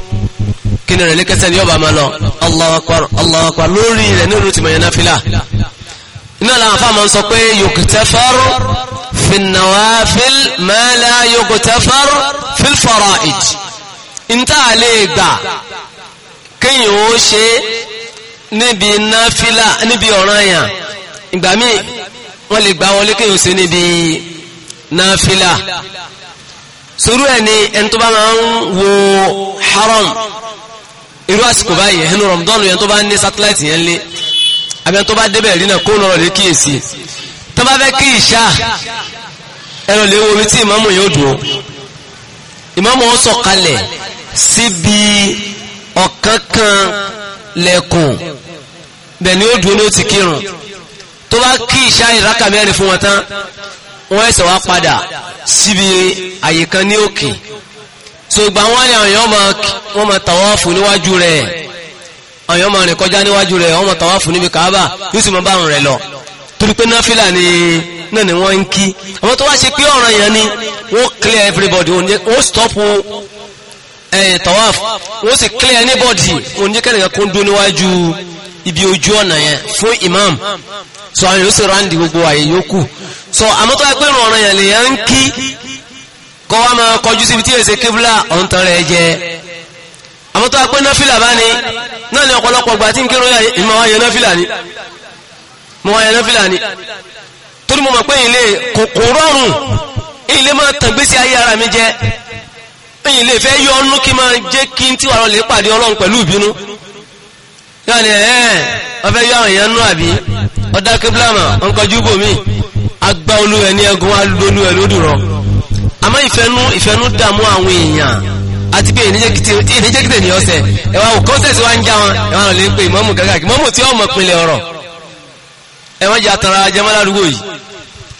kíni rẹ̀ lékẹsẹ̀ ní ọba máa lọ Allahu Akbar Allahu Akbar lórí rẹ̀ ní olú ti mọ̀ yẹn náfìlà iná làwọn afá máa ń sọ pé yuktafar fi nawafil ma la yuktafar fil fara'id níta lè gbà kéèyàn ó ṣe níbi náfìlà níbi níbi náfìlà sùúrù ẹ̀ ẹni tó bá máa ń wo haram irú àsìkò báyìí ẹnu rọmọdọ́nù yẹn tó bá ní sátáláìtì yẹn lé abẹ́ tó bá débẹ̀ rí náà kó lọ́rọ̀ lé kíyèsí tó bá fẹ́ kí ìṣá ẹ̀rọ lè wo omi tí ìmáàmù yóò dùn ó ìmáàmù wọn sọ kalẹ̀ síbi ọ̀kánkán lẹ́kùn bẹ̀ ni ó dùn ní ó kírun tó bá kí ìṣá ìrákà fún wọn tán wọ́n ẹ̀sẹ̀ wá padà síbi àyè ní òkè so ìgbà wọn ni àwọn èèyàn wọn máa tàwáfù níwájú rẹ̀ àwọn èèyàn máa rìn kọjá níwájú rẹ̀ wọn máa tàwáfù níbi kàábà yóò sì máa bá rẹ̀ lọ torí pé náfìlà ni náà ni wọ́n ń kí àwọn tó wá ṣe pé ọ̀ràn yẹn ni wọ́n clear everybody wọ́n stop ẹ̀yìn tàwáfù wọ́n sì clear anybody wọ́n ní kẹ́nìkan kó ń dún níwájú ibi ojú ọ̀nà yẹn fún imam so àwọn yóò sì ráǹdì gbogbo àyè yókù so àmọ́tọ́ ẹgbẹ́rún ọ̀ràn yẹn lè yẹn ń kí kọ́ wá máa kọjú síbi tí èsè kíbùlà ọ̀ǹtàn rẹ̀ jẹ àmọ́ tó apẹ́ náfìlà bá ní náà ní ọ̀pọ̀lọpọ̀ gbà tí n kírun yà ìmọ̀ wáyé náfìlà ni mọ̀ wáyé náfìlà ni torí mo mọ̀ pé ilé kò rọrùn ilé máa tàn gbèsè ayé ara mi jẹ ilé fẹ́ yọ ọ́nú kí máa jẹ́ kí n tí wàá àmọ́ ìfẹ́nú ìfẹ́nú dàmú àwọn èèyàn àti pé ìníjẹ́kìtì ní ọ̀sẹ̀ ẹ̀wà ò kọ́nsẹ̀sì wá ń já wọn ẹ̀wà ò lè pe ìmọ̀mù gàgàkì mọ́mù tí ọmọ pinlẹ̀ ọ̀rọ̀ ẹ̀wọ́n jẹ́ àtàrà ajẹ́mọ́ ládùúgbò yìí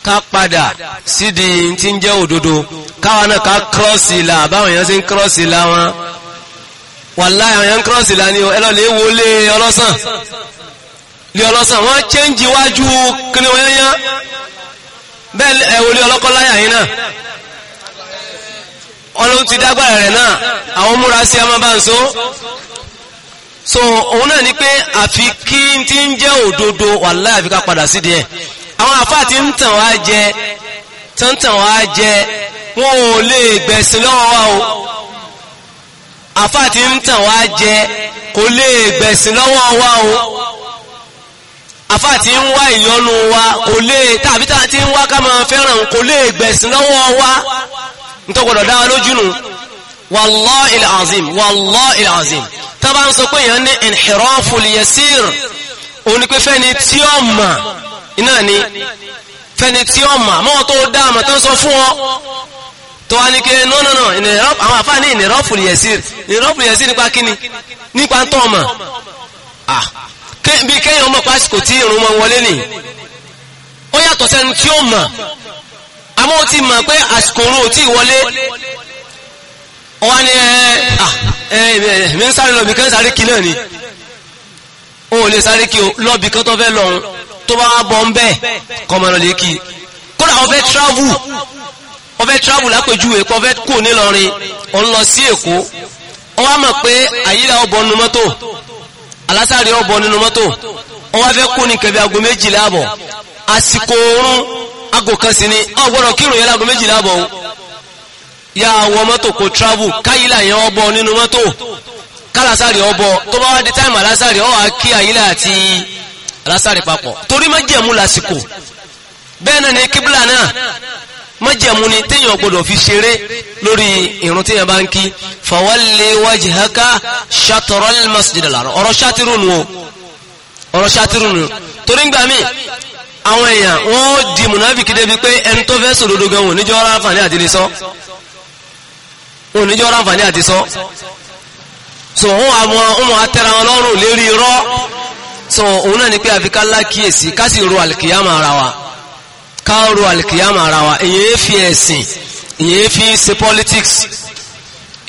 ká padà sídìí tí ń jẹ́ òdodo káwa náà ká kírọ́ọ̀sì ìlà àbáwọn èèyàn sí ń kírọ́ọ̀sì ìlà wọn wàláì àwọn èèyàn ń kírọ́ọ̀sì ìlà ni ẹ lọ lè wo lé ọlọ́sàn lé ọlọ́sàn wọ́n chẹ́ǹjì wájú kíni wọ́n yán bẹ́ẹ̀ ẹ̀wò lé ọlọ́kọ́ láyà yìí náà ọlọ́run ti dágbára rẹ̀ náà àwọn múra sí ọmọ bá ń so so òun náà ni pé àfi kí n ti ń jẹ́ òdodo wàláhì àfi ká padà sí díẹ̀ àwọn àfáà ti ń tàn wá jẹ tán tàn wá jẹ wọn ò lè gbẹ̀sìn lọ́wọ́ wa o àfáà ti ń tàn wá jẹ kò lè gbẹ̀sìn lọ́wọ́ wa o àfáà tí ń wá ìyọnu wa kò lè tàbí tàbí tí ń wá ká máa fẹ́ràn kò lè gbẹ̀sìn lọ́wọ́ wa ntọ́gbọ̀dọ̀ dáa lójú nù wàláhìl azim wàláhìl azim tá bá ń sọ pé èèyàn ní inhiraful yasir òun ni pé fẹ́ni tí ó mà iná ni fẹ́ni tí ó mà mọ́ tó dáa mà tó ń sọ fún ọ tó wá ní kí no no àwọn àfáà ní inhiraful yasir inhiraful yasir nípa kíni nípa tó mà ah, bí kéèyàn mọ̀ pásítọ̀ tí ìrùn mọ̀ wọlé nì ó yàtọ̀ sẹ́ni tí ó mà àmọ́ ó ti mọ̀ pé àsìkò orun ò tí wọlé wọ́n ni ẹ̀ẹ́mí ń sáré lọ́bì kan sáré kí náà ni o lè sáré kí o lọ́bì kan tó fẹ́ lọ́run tó bá wá bọ́ ń bẹ́ẹ̀ kọmọ̀nà lè kí kódà ó fẹ́ travel ó fẹ́ travel lápẹjú èkó ó fẹ́ kò ní lọrin ó ń lọ sí èkó ó wá mọ̀ pé àyílá ọbọ̀ nínú mọ́tò alásàrí ọbọ̀ nínú mọ́tò ó wá fẹ́ kó ní kẹfẹ́ aago méjìlá àbọ̀ àsìkò oorun aago kan sí ni ọ gbọ́dọ̀ kírun yẹn láago méjìlá bọ̀ ọ́n ya wọ mọ́tò kò travel káyílà yẹn ọbọ nínú mọ́tò kálásàrì ọbọ tó bá wá di táìmù alásàrì ọ wà kí àyílà àti alásàrì papọ̀ torí májẹ̀mú lásìkò bẹ́ẹ̀ náà ni kíbla náà májẹ̀mú ni téèyàn gbọ́dọ̀ fi ṣeré lórí ìrun téèyàn bá ń kí fawalli wajhaka shatrul masjidil haram ọ̀rọ̀ ṣátìrù nù ọ̀rọ̀ ṣátìrù nù torí ń gbà míì àwọn èèyàn wọ́n di mùnáfìkì débi pé ẹni tó fẹ́ sòdodo gan wọn níjọ́ àti lè sọ wọn níjọ́ àti sọ so wọn àwọn ọmọ atẹ́ra wọn lọ́rùn lérí irọ́ so òun náà ni pé àfikà lákìyèsí ká sì ro àlìkìyàmà ara wa ká ro àlìkìyàmà ara wa èyí fi ẹ̀sìn èyí fi ṣe politics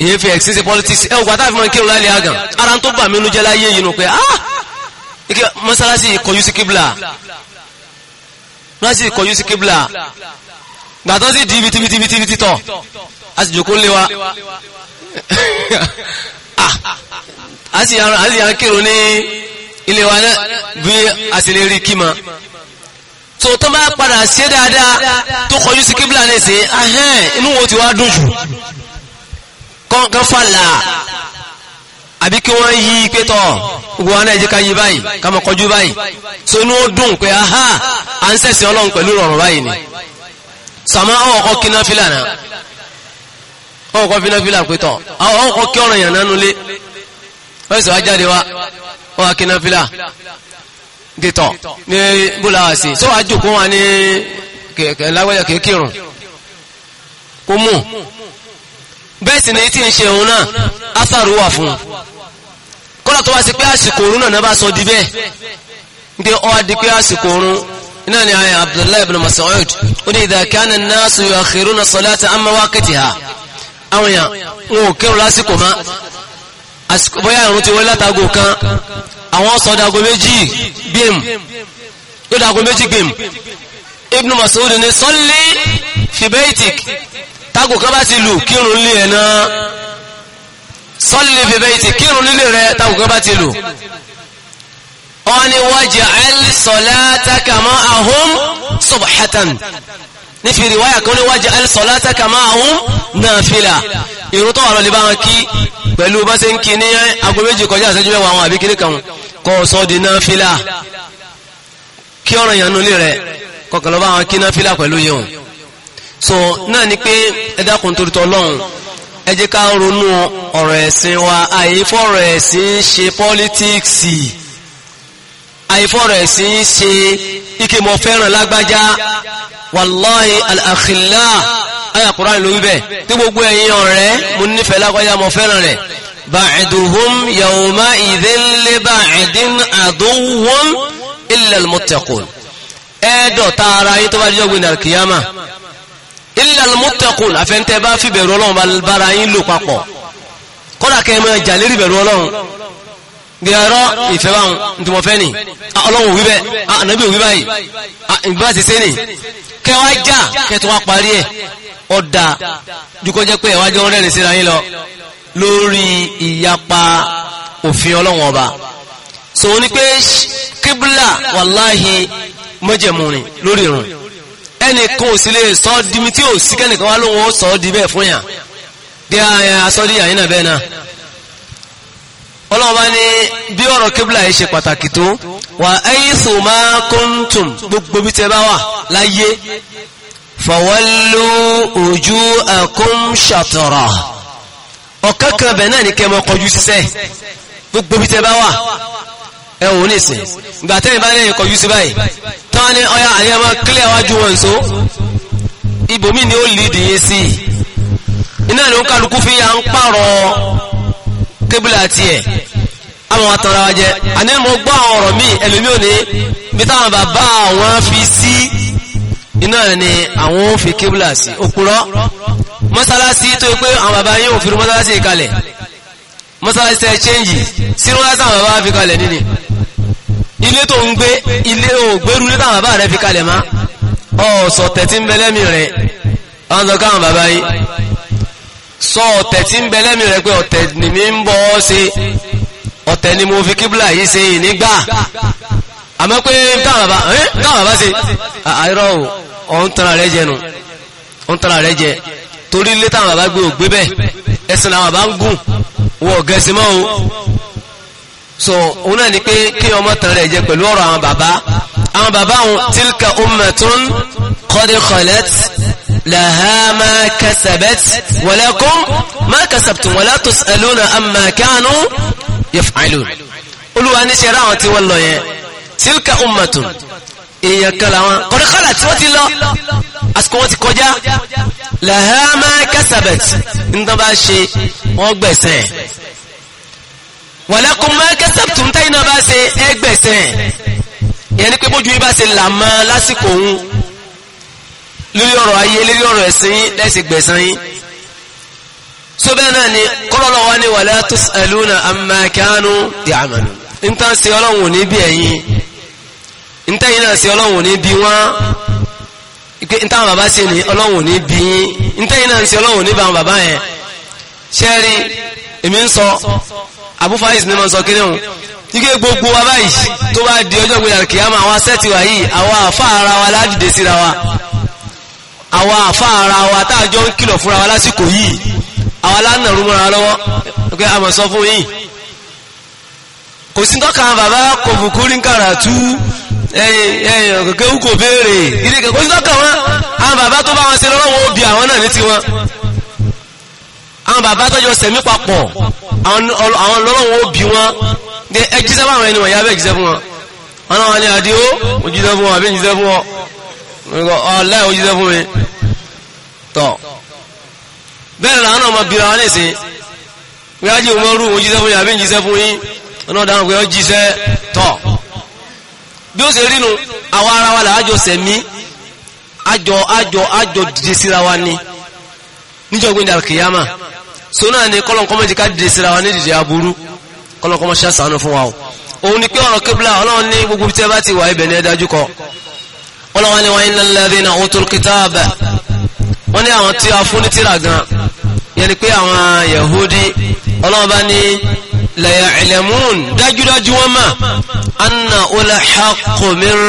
èyí fi ẹ̀sìn ṣe politics ẹ̀ ògbà táàfin mọ́ kí n láìlẹ̀ àgàn ara tó bà mí nú jẹ́ láyé yìí nù pé ah mọ́sálásí ìkọjú sí kíbla náà sì kọjú sí kíbla gbàtọ́ sí di ibi tíbi tíbi tíbi títọ̀ a sì jòkó lé wa ah, a sì yàn kírun ní ilé wa náà bí a sì lè rí kí ma tó tó bá padà ṣe dáadáa tó kọjú sí kíbla ní ṣe ahẹ́n inú wo ti wá dùn jù kọ́ńkán fàlà àbí kí wọ́n yí pé tọ́ gbogbo wọn náà jẹ́ ká yí báyìí ká mọ̀ kọjú báyìí so inú ó dùn pé aha à ń sẹ̀sìn ọlọ́run pẹ̀lú rọrùn báyìí ni sàmọ́ àwọn ọkọ̀ kí náà fílà náà àwọn ọkọ̀ fílà fílà pé tọ́ àwọn ọkọ̀ kí ọ̀rọ̀ yàn nánú lé wọ́n sì wá jáde wá wọ́n wá kí náà ní bóla wá sí sọ́wọ́ àjòkó wa ní kẹ̀kẹ́ lágbájá kìí kó mú bẹ́ẹ̀ sì ni tí ń ṣe òun náà afárò wà fún un kọ́lá tó wá sí pé àsìkò òun náà bá sọ di bẹ́ẹ̀ ndé ọ́ di pé àsìkò òun náà ni ayé Abdullahi ibn Mas'ud ó ní idha kana an-nasu yu'akhiruna as-salata 'an mawaqitiha àwọn èèyàn wọn ò kírun lásìkò má àsìkò bóyá ìrun ti wọlé látago kan àwọn sọ dago méjì gbèm yóò dago méjì gbèm Ibn Mas'ud ni salli fi baytik tágò kan bá ti lù kírun lé ẹ̀ náà sọ́lì bèbè ìtì kírun lílé rẹ tágò kan bá ti lù wọ́n ni waj'al salataka ma'ahum subhatan nífi ìrìwáyà kan ní waj'al salataka ma'ahum nafila ìrún tó wà lọ wọn kí pẹ̀lú bá ṣe ń kí ní agbó méjì kọjá àṣẹ́jú mẹ́wàá àwọn àbíkiri kan kọ́ sọ́ di nafila kí ọ̀rọ̀ yẹn nulẹ̀ rẹ̀ kọkànlọ́ bá wọn kí nafila pẹ̀lú yẹn so náà ni pé ẹ dákun torí tọlọ́run ẹ jẹ́ ká ronú ọ̀rọ̀ ẹ̀sìn wa àìfọ̀rọ̀ ẹ̀sìn ṣe pọ́lítíksì àìfọ̀rọ̀ ẹ̀sìn ṣe ike mọ̀ fẹ́ràn lágbájá wàláhì al-akhilla àyà Kùránì ló wíbẹ̀ tí gbogbo ẹ̀yin ọ̀rẹ́ mo nífẹ̀ẹ́ lágbájá mọ̀ fẹ́ràn rẹ̀ ba'duhum yawma idhin li ba'din aduwwun illa ẹ̀ẹ́dọ̀ tààrà yìí tó bá jọ́ gbìn illal muttaqun àfẹ́ntẹ́ bá fi bẹ̀rù ọlọ́run bára yín lò papọ̀ kọ́dà kẹ́ mọ́ ìjà lérí bẹ̀rù ọlọ́run bí ẹ̀rọ ìfẹ́ báhùn tí mo fẹ́ nì ọlọ́run òwí bẹ́ ànábì òwí báyìí ìgbà ti sé nì kẹ́ já kẹ́ wá parí ẹ̀ ọ̀dà dúkọ́ jẹ́ pé ẹ̀wájọ́ ń rẹ́rìn síra yín lọ lórí ìyapa òfin ọlọ́run ọba so ní pé kíbùlà wàláhì mọ́jẹ̀mùrìn lórí ìrùn ẹnìkan ò sí lè sọ ọ́ di mi tí ò sí kẹ́nìkan wá lóhun ó sọ ọ́ di bẹ́ẹ̀ fún yàn bí asọ́dí yàn yín náà bẹ́ẹ̀ náà ọlọ́run bá ní bí ọ̀rọ̀ kébùlà yìí ṣe pàtàkì tó wà aythu ma kuntum gbogbo bí tẹ bá wà láyé fawallu wujuhakum shatra ọ̀kẹ́kẹ́ bẹ̀ náà ní kẹ́ kọjú síṣẹ́ gbogbo bí tẹ bá wà ẹwọ onísìn gbàtẹ́ ìbálẹ̀ ẹ̀kọ́ yú sí báyìí tán ní ọya àríyá máa kílẹ̀ wájú wọn so ibòmí ni ó lìdí yé sí iná ni ó kálukú fi ya ń pààrọ̀ kébùlà tiẹ̀ àwọn atọ́ra wa jẹ àní mo gbọ́ àwọn ọ̀rọ̀ míì ẹlòmí ò ní bí táwọn bàbá àwọn fi sí iná ni àwọn ò fi kébùlà sí òpùrọ́ mọ́sálásí tó pé àwọn bàbá yín fi mọ́sálásí kalẹ̀ mọ́sálásí tẹ́ chẹ́ǹjì sínú lásán bàbá fi kalẹ̀ nínú ilé tó ń gbé ilé ògbérú lé táwọn bàbá rẹ fi kalẹ̀ má ọ̀sọ̀ tẹ̀tí ń bẹlẹ́mì rẹ wọ́n sọ káwọn bàbá yìí sọ ọ̀tẹ̀ tí ń bẹlẹ́mì rẹ pé ọ̀tẹ̀ ni mi ń bọ́ ọ ṣe ọ̀tẹ̀ ni mo fi kíbla yìí ṣe ìnígbà àmọ́ pé táwọn bàbá ṣe àìrọ̀ ọ̀hún tara jẹ torí ilé táwọn bàbá gbé ògbé bẹ́ẹ̀ ẹ̀sìn làwọn bàbá ń gùn wọ́n so òun náà ni pé kí ọmọ tán rẹ̀ jẹ pẹ̀lú ọ̀rọ̀ àwọn bàbá àwọn bàbá òun tilka ummatun qad khalat laha ma kasabat walakum ma kasabtum wala tusaluna amma kanu yaf'alun olúwa ní ṣẹ́ra àwọn tí wọ́n lọ yẹn tilka ummatun èèyàn kan làwọn qad khalat tí wọ́n ti lọ àsìkò wọn ti kọjá laha ma kasabat ń tán bá ṣe wọ́n walakum ma kasabtum tẹ́yìn náà bá ṣe ẹgbẹ̀sẹ̀ ìyẹn ni pé bójú yín bá ṣe là mọ́ lásìkò òun lórí ọ̀rọ̀ ayé lórí ọ̀rọ̀ ẹ̀sìn yín lẹ́sìn gbẹ̀sán yín so bẹ́ẹ̀ náà ni kọ́lọ́lọ́ wa ni wala tus'aluna amma kanu ya'malu ń tán ṣe ọlọ́run ò ní bí ẹ̀yin ń tẹ́yìn náà ṣe ọlọ́run ò bí wọ́n ìpé ìtàwọn bàbá sí ní ọlọ́run ní bí i ìtẹ́yìn náà sí ọlọ́run ní bàbá yẹn ṣẹ́rí èmi ń sọ abúfáìs ní mọ́ sọ kí níhun ike gbogbo wa báyìí tó bá di ọjọ́ ìgbéyàwó kìyàmù àwọn asẹ́tì wa yìí àwọn àfá ara wa ládìde síra wa àwọn àfá ara wa táàjọ ń kìlọ̀ fúnra wa lásìkò yìí àwọn alánàrú mọ́ra lọ́wọ́ pé a mọ̀ sọ fún yìí kò sí tọ́ka bàbá kò bùkú rí àwọn lọ́lọ́wọ́ ó bí wọn ní ẹjíṣẹ́ fún àwọn ẹni wọ̀nyá bẹ́ẹ̀ jíṣẹ́ fún wọn wọn náà wọn ni àdí ó òjíṣẹ́ fún wọn àbí jíṣẹ́ fún wọn ọ̀láì òjíṣẹ́ fún mi tọ̀ bẹ́ẹ̀ làwọn náà ma bìrọ̀ wọn nìsín wíwájú òmọ́rú òjíṣẹ́ fún yín àbí jíṣẹ́ fún yín wọn náà dáhùn pé ó jíṣẹ́ tọ̀ bí ó ṣe rí nu wa làájọ sẹ̀mí àjọ àjọ àjọ so náà ni kọ́lọ̀kọ́mọ́jì ká dìde síra wa ní dìde aburú kọ́lọ̀kọ́mọ́ṣe àṣàánú fún wa o òun ni pé ọ̀rọ̀ kébìlà ọlọ́run ní gbogbo tí ẹ bá ti wà ibẹ̀ ní ẹdájú kọ ọlọ́run ni wa innal ladhina ní àwọn tí a fún ní tíra gan yẹn ni pé àwọn yahudi ọlọ́run bá ní la ya'lamun dájúdájú wọn mà anna ula haqqu min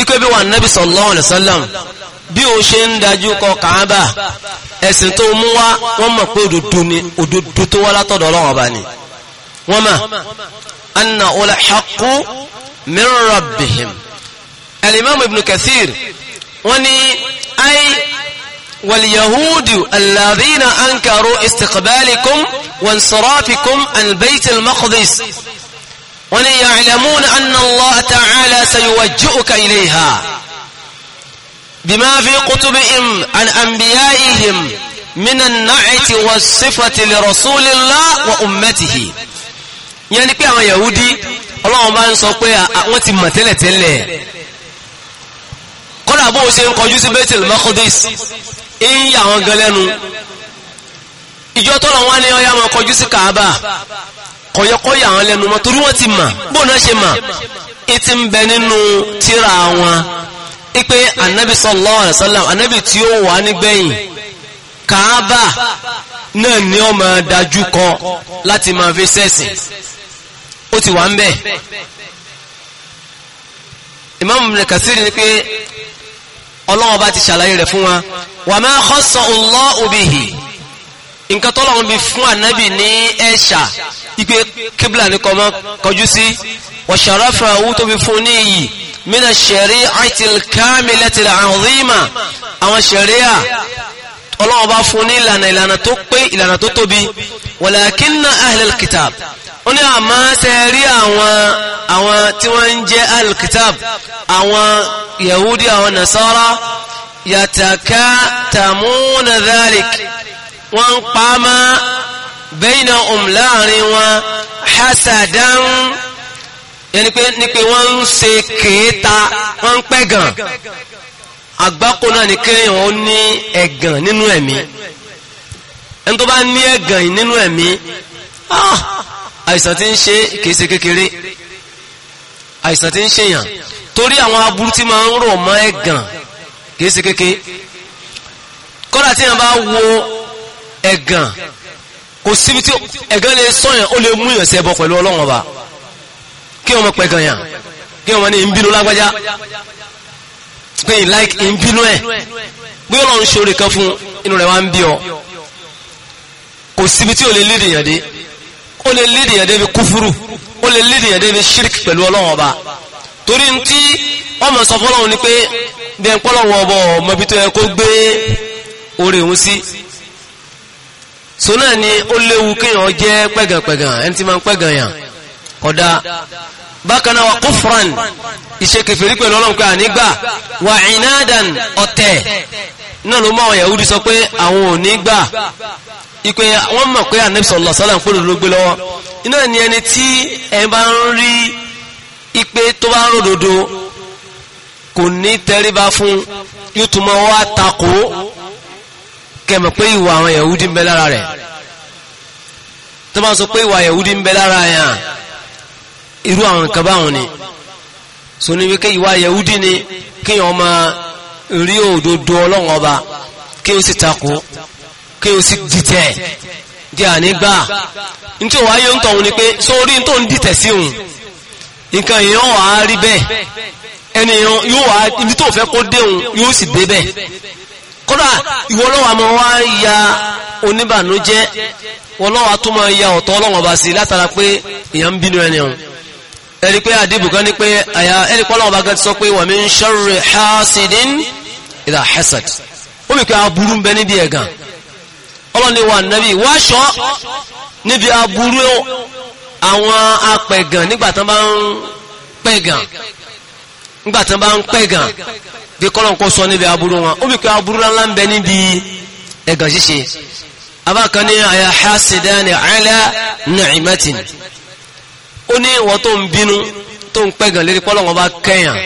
ikú ebi wa nabi sallallahu alayhi wa sallam bí o ṣe ń dájú kọ kàábà ẹ̀sìn tó mú wá wọ́n mọ̀ pé òdodo ni òdodo tó wá látọ̀dọ̀ ọlọ́wọ́n bá ni wọ́n mọ̀ anna ola haqqu min rabbihim alimami ibn kathir wọ́n ní ay واليهود الذين أنكروا استقبالكم وانصرافكم عن بيت المقدس وَلِيَعْلَمُونَ أَنَّ اللَّهَ تَعَالَى سَيُوَجِّئُكَ إِلَيْهَا بما في كتبهم عن أنبيائهم من النعت والصفة لرسول الله وأمته يعني pé àwọn Yahudi Ọlọ́run bá ń sọ pé àwọn ti mọ̀ tẹ́lẹ̀ tẹ́lẹ̀ kódà bó ṣe ń kọjú sí Baitul Maqdis in ya wọn gan lẹ́nu ìjọ tọ́lọ̀ wọn ni ọya wọn kọjú sí Kaaba kọ̀yẹ kọ́ ya wọn lẹ́nu mọ́ torí wọ́n ti mọ̀ bó náà ṣe mọ̀ ìtì ń bẹ nínú tírà wọn ipe anabi sallallahu alaihi wasallam anabi o ó wà nígbẹ̀yìn kaaba náà ni ó máa dájú kọ láti máa fi sẹ́sìn o ti wà ń imam ibn kasir ni pé ọlọ́wọ́n bá ti ṣàlàyé rẹ̀ fún wa wà máa khassa Allahu bihi nǹkan tọ́lọ́run bí fún ànábì ní ẹ̀ṣà ipe kíbla ní kọjú sí wa sharafahu tó fi fún ní iyì mina shari'ati al-kamilati al-azima àwọn sharia ọlọ́wọ́ bá fún ní ìlànà ìlànà tó pé ìlànà tó tóbi walakinna ahlul kitab ó ní àmá tẹ́ rí àwọn àwọn tí wọ́n ń jẹ́ ahlul kitab àwọn yahudi àwọn nasara yatakatamuna dhalik wọ́n ń pa á mọ́ bainahum láàrin wọn hasadan ẹni pé ní pé wọ́n ń ṣe kéèta wọ́n ń pẹ́ gàn àgbákò náà ni kéèyàn ó ní ẹ̀gàn nínú ẹ̀mí ẹni tó bá ní ẹ̀gàn nínú ẹ̀mí ah, àìsàn tí ń ṣe kìí ṣe kékeré àìsàn tí ń ṣèyàn torí àwọn aburú tí máa ń rọ̀ mọ́ ẹ̀gàn kìí ṣe kékeré kọ́dà tí wọ́n bá wo ẹ̀gàn kò síbi tí ẹ̀gàn lè sọ̀yàn ó lè mú ìyànṣẹ́ bọ pẹ̀lú ọlọ́wọ́n ọba kí wọ́n mọ̀ pẹ̀gàn yàn kí wọ́n mọ̀ ní ìbínú lágbájá pé ìláìk ìbínú ẹ̀ bí wọ́n ń ṣòro kan fún inú rẹ̀ wá ń bí ọ kò síbi tí o lè lédè yàn dé o lè lédè yàn dé bí kúfúrú o lè lédè yàn dé bí ṣírk pẹ̀lú ọlọ́wọ́n ọba torí ntí wọ́n mọ̀ ni pé bí ẹn pọ́lọ́wọ́ ọbọ̀ mọ̀bí tó yẹ kó gbé orí òun sí so náà ni ó léwu kéèyàn jẹ́ pẹ̀gànpẹ̀gàn ẹni tí máa ń pẹ̀gàn yàn kódà bákanáà wà kúfran ìṣe kèfèrí pẹ̀lú ọlọ́run pé ànígbà wà ìnáàdàn ọ̀tẹ̀ náà ló máa yahudi sọ pé àwọn ò ní gbà ipe wọ́n mọ̀ pé anabi sallallahu ni ẹni tí ipe tó bá ń ròdòdó kò ní tẹríba fún yóò yahudi ń bẹ lára rẹ̀ tó bá sọ pé ìwà yahudi ń bẹ lára yẹn irú àwọn nǹkan báwọn ni so níbi kí ìwà yahudi ni kí wọn máa rí òdodo ọlọ́wọ́n ọba kí o sì takò kí o sì dìtẹ̀ di ànígbà nítorí wàá yóò ń tọ̀hún ni pé sórí tó ń dìtẹ̀ sí òun nǹkan èèyàn wà á rí bẹ́ẹ̀ ẹni yóò wà ibi tó fẹ́ kó déhùn yóò sì dé bẹ́ẹ̀ kódà ìwọ ọlọ́wà máa wá ya oníbànújẹ́ wọn lọ́wà tó ya ọ̀tọ̀ ọlọ́wọ̀n bá sí látara pé èèyàn ń bínú ẹni ọ̀hún Eri pé àdìbò kan ní pé àyà ẹ̀rí gẹ́ ti sọ pé wa min sharri hasidin idha hasad ó mì pé aburú ń bẹ níbi ẹ̀gàn ọlọ́run ní wa nàbí wáṣọ níbi aburú àwọn apẹ̀gàn nígbà bá ń pẹ̀gàn nígbà bá ń pẹ̀gàn bí aburu kọ́ sọ níbi aburú wọn ó mì pé aburú ńlá ń bẹ níbi ó ní ìwọ tó ń bínú tó ń pẹ́gàn lérí pọ́lọ́wọ́n bá kẹ́yàn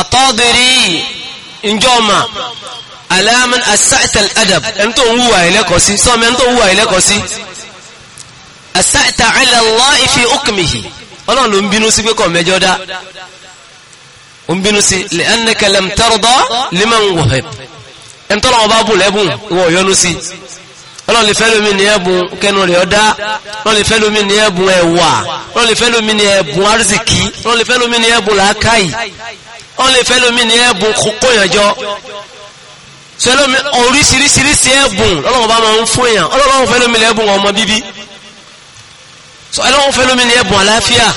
àtọ́bìrì ìjọ́mà alaman asa'tal adab ẹni tó ń wúwà ilẹ́kọ̀ọ́ sí sọ́mi ẹni tó ń wúwà ilẹ́kọ̀ọ́ sí asa'ta ala Allahi fi hukmihi ọlọ́run ló ń bínú sí pé kọ̀ ọlọ́run lè fẹ́ lómi ní ẹ̀bùn kẹnu rẹ̀ ọ̀dá ọlọ́run lè fẹ́ lómi ní ẹ̀bùn ẹ̀wà ọlọ́run lè fẹ́ lómi ní ẹ̀bùn arzikí ọlọ́run lè fẹ́ lómi ní ẹ̀bùn làákàyè ọlọ́run lè fẹ́ lómi ní ẹ̀bùn kóyànjọ sẹlómi oríṣiríṣiríṣi ẹ̀bùn ọlọ́run bá máa ń fún èèyàn ọlọ́run fẹ́ lómi ní ẹ̀bùn ọmọ bíbí ọlọ́run fẹ́ lómi ní ẹ̀bùn àlàáfíà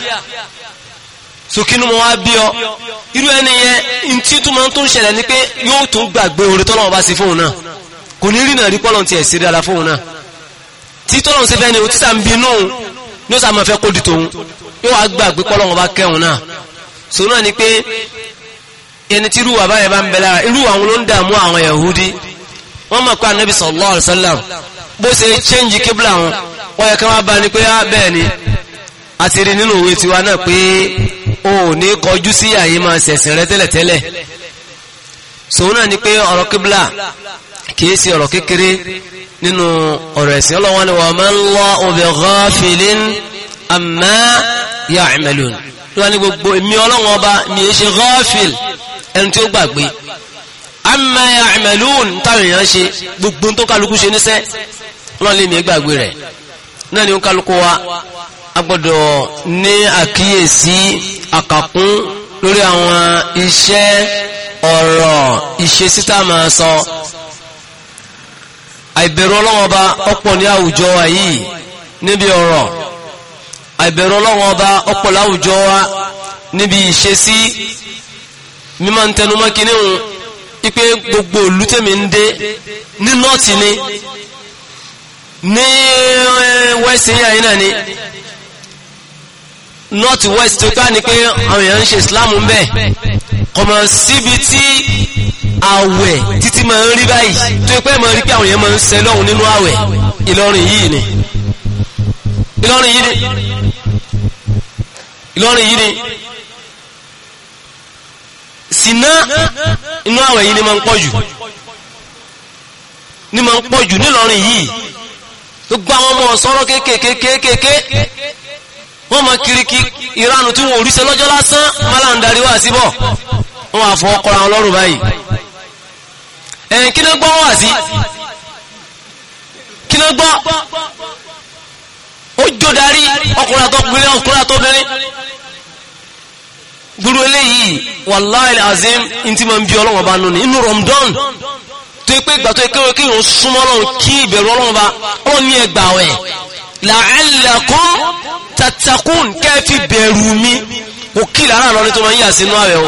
sókínú mọ́ wá bí ọ irú ẹni yẹn ntí tó máa ń tó ń ṣẹlẹ̀ ni pé yóò tún gbàgbé orí tọ́lọ́run bá sí fóun náà kò ní rí náà rí pọ́lọ̀ ti ẹ̀ sí dára fóun náà tí tọ́lọ̀ sí fẹ́ ni o títà ń binú ní ó sàmọ́ fẹ́ kó di tòun yóò wá gbàgbé pọ́lọ̀ wọn bá kẹ́hùn náà so náà ni pé ẹni tí irú wà bá ń bẹ lára irú àwọn ló ń dààmú àwọn Yahudi wọ́n mọ̀ pé anabi sallallahu alaihi wasallam bó ṣe chẹ́ǹjì kébìlà wọn wọ́n yẹ ká wá bá ni pé bẹ́ẹ̀ ni àti rí nínú òwe tiwa náà pé o ò ní kọjú sí àyè máa ṣẹ̀sìn rẹ tẹ́lẹ̀tẹ́lẹ̀ so náà ni pé ọ̀rọ̀ kébìlà kìí sí ọ̀rọ̀ kékeré nínú ọ̀rọ̀ ẹ̀sìn ọlọ́wọ́n ni wa man Allahu bi ghafilin amma ya'malun ló wá ní gbogbo èmi ọlọ́wọ́n ọba mi è ṣe ghafil ẹni tí ó gbàgbé amma ya'malun táwọn èèyàn ṣe gbogbo tó kálukú ṣe níṣẹ́ lọ́n lè mi gbàgbé rẹ̀ náà ni ó kálukú wa a ní àkíyèsí àkàkún lórí àwọn iṣẹ́ ọ̀rọ̀ ìṣesítà máa sọ àìbẹ̀rù Ọlọ́run Ọba ọ̀pọ̀ ní àwùjọ wa yìí níbi ọ̀rọ̀ àìbẹ̀rù Ọlọ́run Ọba ọ̀pọ̀ láwùjọ wa níbi ìṣesí mímọ́ ń tẹnumọ́ kí níhun ipé gbogbo ìlú tèmi ń dé ní nọ́ọ̀tì ni ní eh, west yíyá yìí ni north west tó ká ni pé àwọn èèyàn ń ṣe Islam ń bẹ kọ̀mọ̀ síbi tí àwẹ̀ titi máa ń rí báyìí tó ipẹ́ máa rí pé àwọn èèyàn máa ń sẹ lọ́hùn nínú àwẹ̀ Ìlọrin yìí ni Ìlọrin yìí ni Ìlọrin yìí ni sínà inú àwẹ̀ yìí ni máa ń pọ̀ jù ni máa ń pọ̀ jù nílọrin yìí tó gbá wọn mọ́ sọ̀rọ̀ kéèkéèkéèkéèké wọ́n máa kiriki ìranu tí wọ́n oríṣẹ́ lọ́jọ́ lásán máa láǹdarí wà síbọ̀ wọ́n àfọ́ ọkọ̀ra ọlọ́rùn báyìí ẹ̀yìn kí ló gbọ́ wà sí kí ló gbọ́ ó jó darí ọkùnrin àtọkùnrin ọkùnrin àtọbìnrin gbúrú eléyìí wàláhì azim ntí ma ń bí ọlọ́wọ́ bá nù ní inú rọmdọ́n tó pé ìgbà tó kéwọ́ kí wọ́n súnmọ́ lọ́wọ́ kí ìbẹ̀rù ọlọ́wọ́ bá wọ́n ní ẹgbà ẹ̀ la'allakum tattaqun kẹ́ẹ̀fì bẹ̀rù mi kò kí lára lọ́ni tó máa ń yà sínú àwẹ̀ o.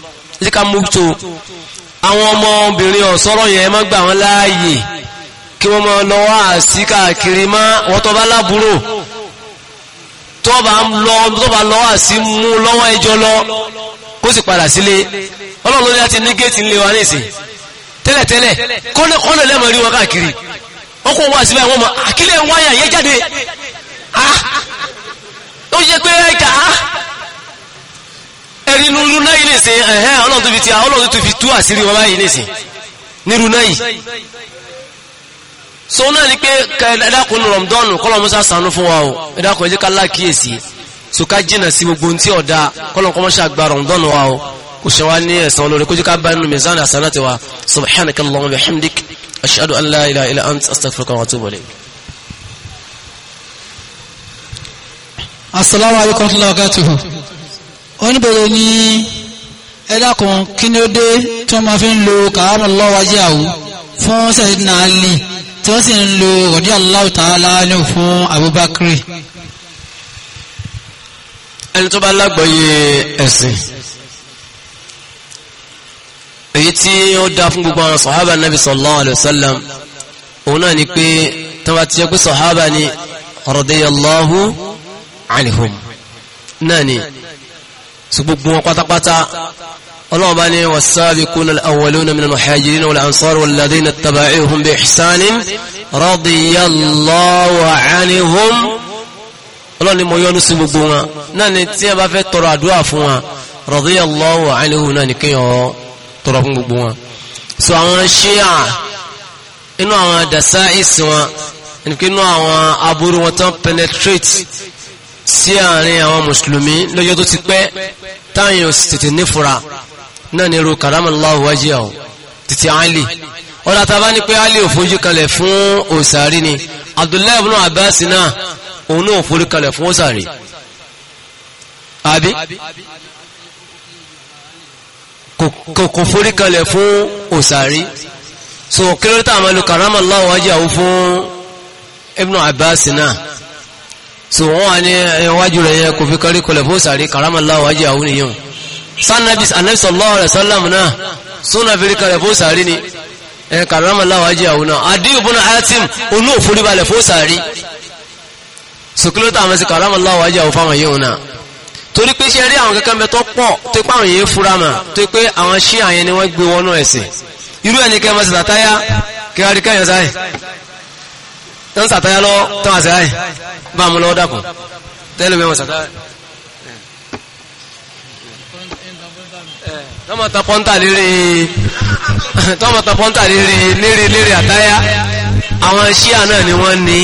zika mukto àwọn ọmọ obìnrin ọ̀sọ́rọ̀ yẹn má gbà wọ́n láàyè kí wọ́n mọ́ lọ́wọ́ àsí káàkiri má wọ́n tọ́ bá lábúrò tó bá lọ́wọ́ àsí mú lọ́wọ́ ẹjọ́ lọ kó sì padà sílé ọlọ́run lórí àti ní géètì ńlẹ̀ wa ní ìsìn tẹ́lẹ̀tẹ́lẹ̀ kọ́lẹ̀ lẹ́mọ̀ rí wọn káàkiri wọ́n kó wá síbẹ̀ wọ́n mọ̀ àkílẹ̀ ah, wáyà yẹn jáde ah, ó yẹ pé ẹ̀ka ah, ẹ̀rí inú lúná yìí nìsín ẹ̀hẹ́ ọlọ́run tó fi ti ọlọ́run tó fi tú àṣírí wọn báyìí nìsín ní lúná yìí so náà ni pé ẹ̀dàkùn rọ̀mdọ́nù kọ́lọ̀ musa sànú fún wa o ẹ̀dàkùn ẹ̀jẹ̀ ká lákìyèsí so ká jìnà sí gbogbo ohun tí ọ̀dà kọ́lọ̀ kọ́mọ́ṣà gba rọ̀mdọ́nù wa o kò ṣe wá ní ẹ̀sán olórí kó jẹ́ ká bá nínú mizan hasanati wa subhanaka allahumma wa bihamdik ashhadu an la ilaha illa assalamu alaikum wa rahmatullahi oníbèrè ní ẹ̀dàkùn kí ni ó dé tí wọ́n máa fi ń lo kàrámù lọ́wọ́jì àwù fún Sayyidina Ali tí wọ́n sì ń lo radiyallahu ta'ala anhu fún Abubakar ẹni tó bá lágbọ́yé ẹ̀sìn èyí tí ó dá fún gbogbo àwọn sọ̀hábà nàbì sallallahu alayhi òun náà ni pé tọ́wọ́ ti yẹ pé sọ̀hábà ni radiyallahu anhum náà ni so gbogbo wọn pátápátá ọlọ́wọ́ bá ní was-sabiquna al-awwaluna mina al-muhajirina wal-ansar wal-ladhina ttaba'uhum bi ihsanin radiyallahu anhum ọlọ́wọ́ ni mo yọ́nú sí gbogbo wọn náà ni tí a bá fẹ́ tọrọ àdúrà fún wọn radiyallahu anhum náà ni kéèyàn tọrọ fún gbogbo wọn so àwọn ṣíà inú àwọn dasa'is wọn nínú àwọn aburú wọn tán penetrate sí àárín àwọn mùsùlùmí lọ́jọ́ tó ti pẹ́ táyìn ò sì tètè nífura náà ni ru karamallahu wajhahu títí ali ọ̀dà tá a bá ní pé ali ò fojú kalẹ̀ fún òsàrí ni abdullahi ibn abbas náà òun náà ò fojú kalẹ̀ fún òsàrí àbí kò forí kalẹ̀ fún òsàrí so kí ló dé tá a máa lu karamallahu wajhahu fún ibn abbas náà so wọ́n wà ní iwájú rẹ̀ yẹn kò fi kárí kọlẹ̀ bó sàrí karamallahu wájú àwọn èèyàn sanabi anabi sallallahu alaihi wasallam náà sunna fi kọlẹ̀ bó sàrí ni ẹ karamallahu wájú àwọn náà adiyu buna hatim onú fó sàrí sùkúlù táwọn sí àwọn fáwọn yìí náà torí pé tó ń sàtáyá lọ tó wà sẹ́yà yìí bá mú lọ́wọ́ dàkùn tẹ́lẹ̀ mẹ́wọ̀n sàtáyá. tọ́mọ̀ ta pọ́ńtà lérí tọ́mọ̀ ta pọ́ńtà lérí lérí lérí àtáyá àwọn ṣíà náà ni wọ́n ní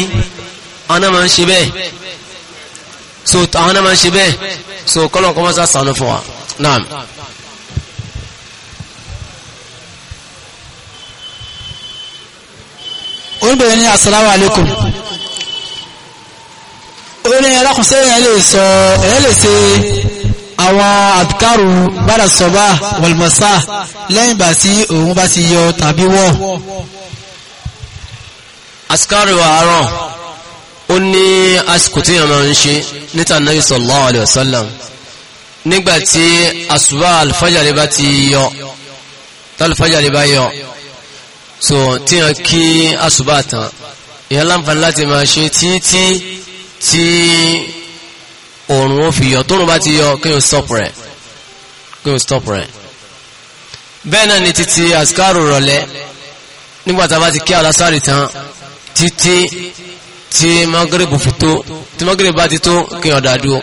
àwọn náà máa ń ṣe bẹ́ẹ̀ so àwọn náà máa ń ṣe bẹ́ẹ̀ so kọ́lọ̀ kọ́mọ́sá sànú fún wa naam. oníbẹ̀rẹ̀ ní asàláwà alékùn orí ẹlọ́kùnsẹ́ ẹ̀ lè sọ ẹ̀ lè ṣe àwọn àdìkárù bára sọ́bá wàlmọ̀sá lẹ́yìn bá sí òun bá ti yọ tàbí wọ́ àsìkárù àárọ̀ ó ní àsìkò tí yàmà ń ṣe níta Nabi sallallahu alaihi wasallam nígbàtí àsùbá alfajari bá ti yọ tálfajari bá yọ so tí a kí àṣùbà tán ìyẹn láǹfààní láti máa ṣe títí tí oòrùn ó fi yọ tóòrùn bá ti yọ kí o stop rẹ̀ kí o stop rẹ̀ bẹ́ẹ̀ náà ni títí àsìkárò rọ̀lẹ́ nígbàtà bá ti kí alásàrì tán títí tí mọ́gírèbù fi tó tí mọ́gírèbù bá ti tó kí ọ̀dà dúró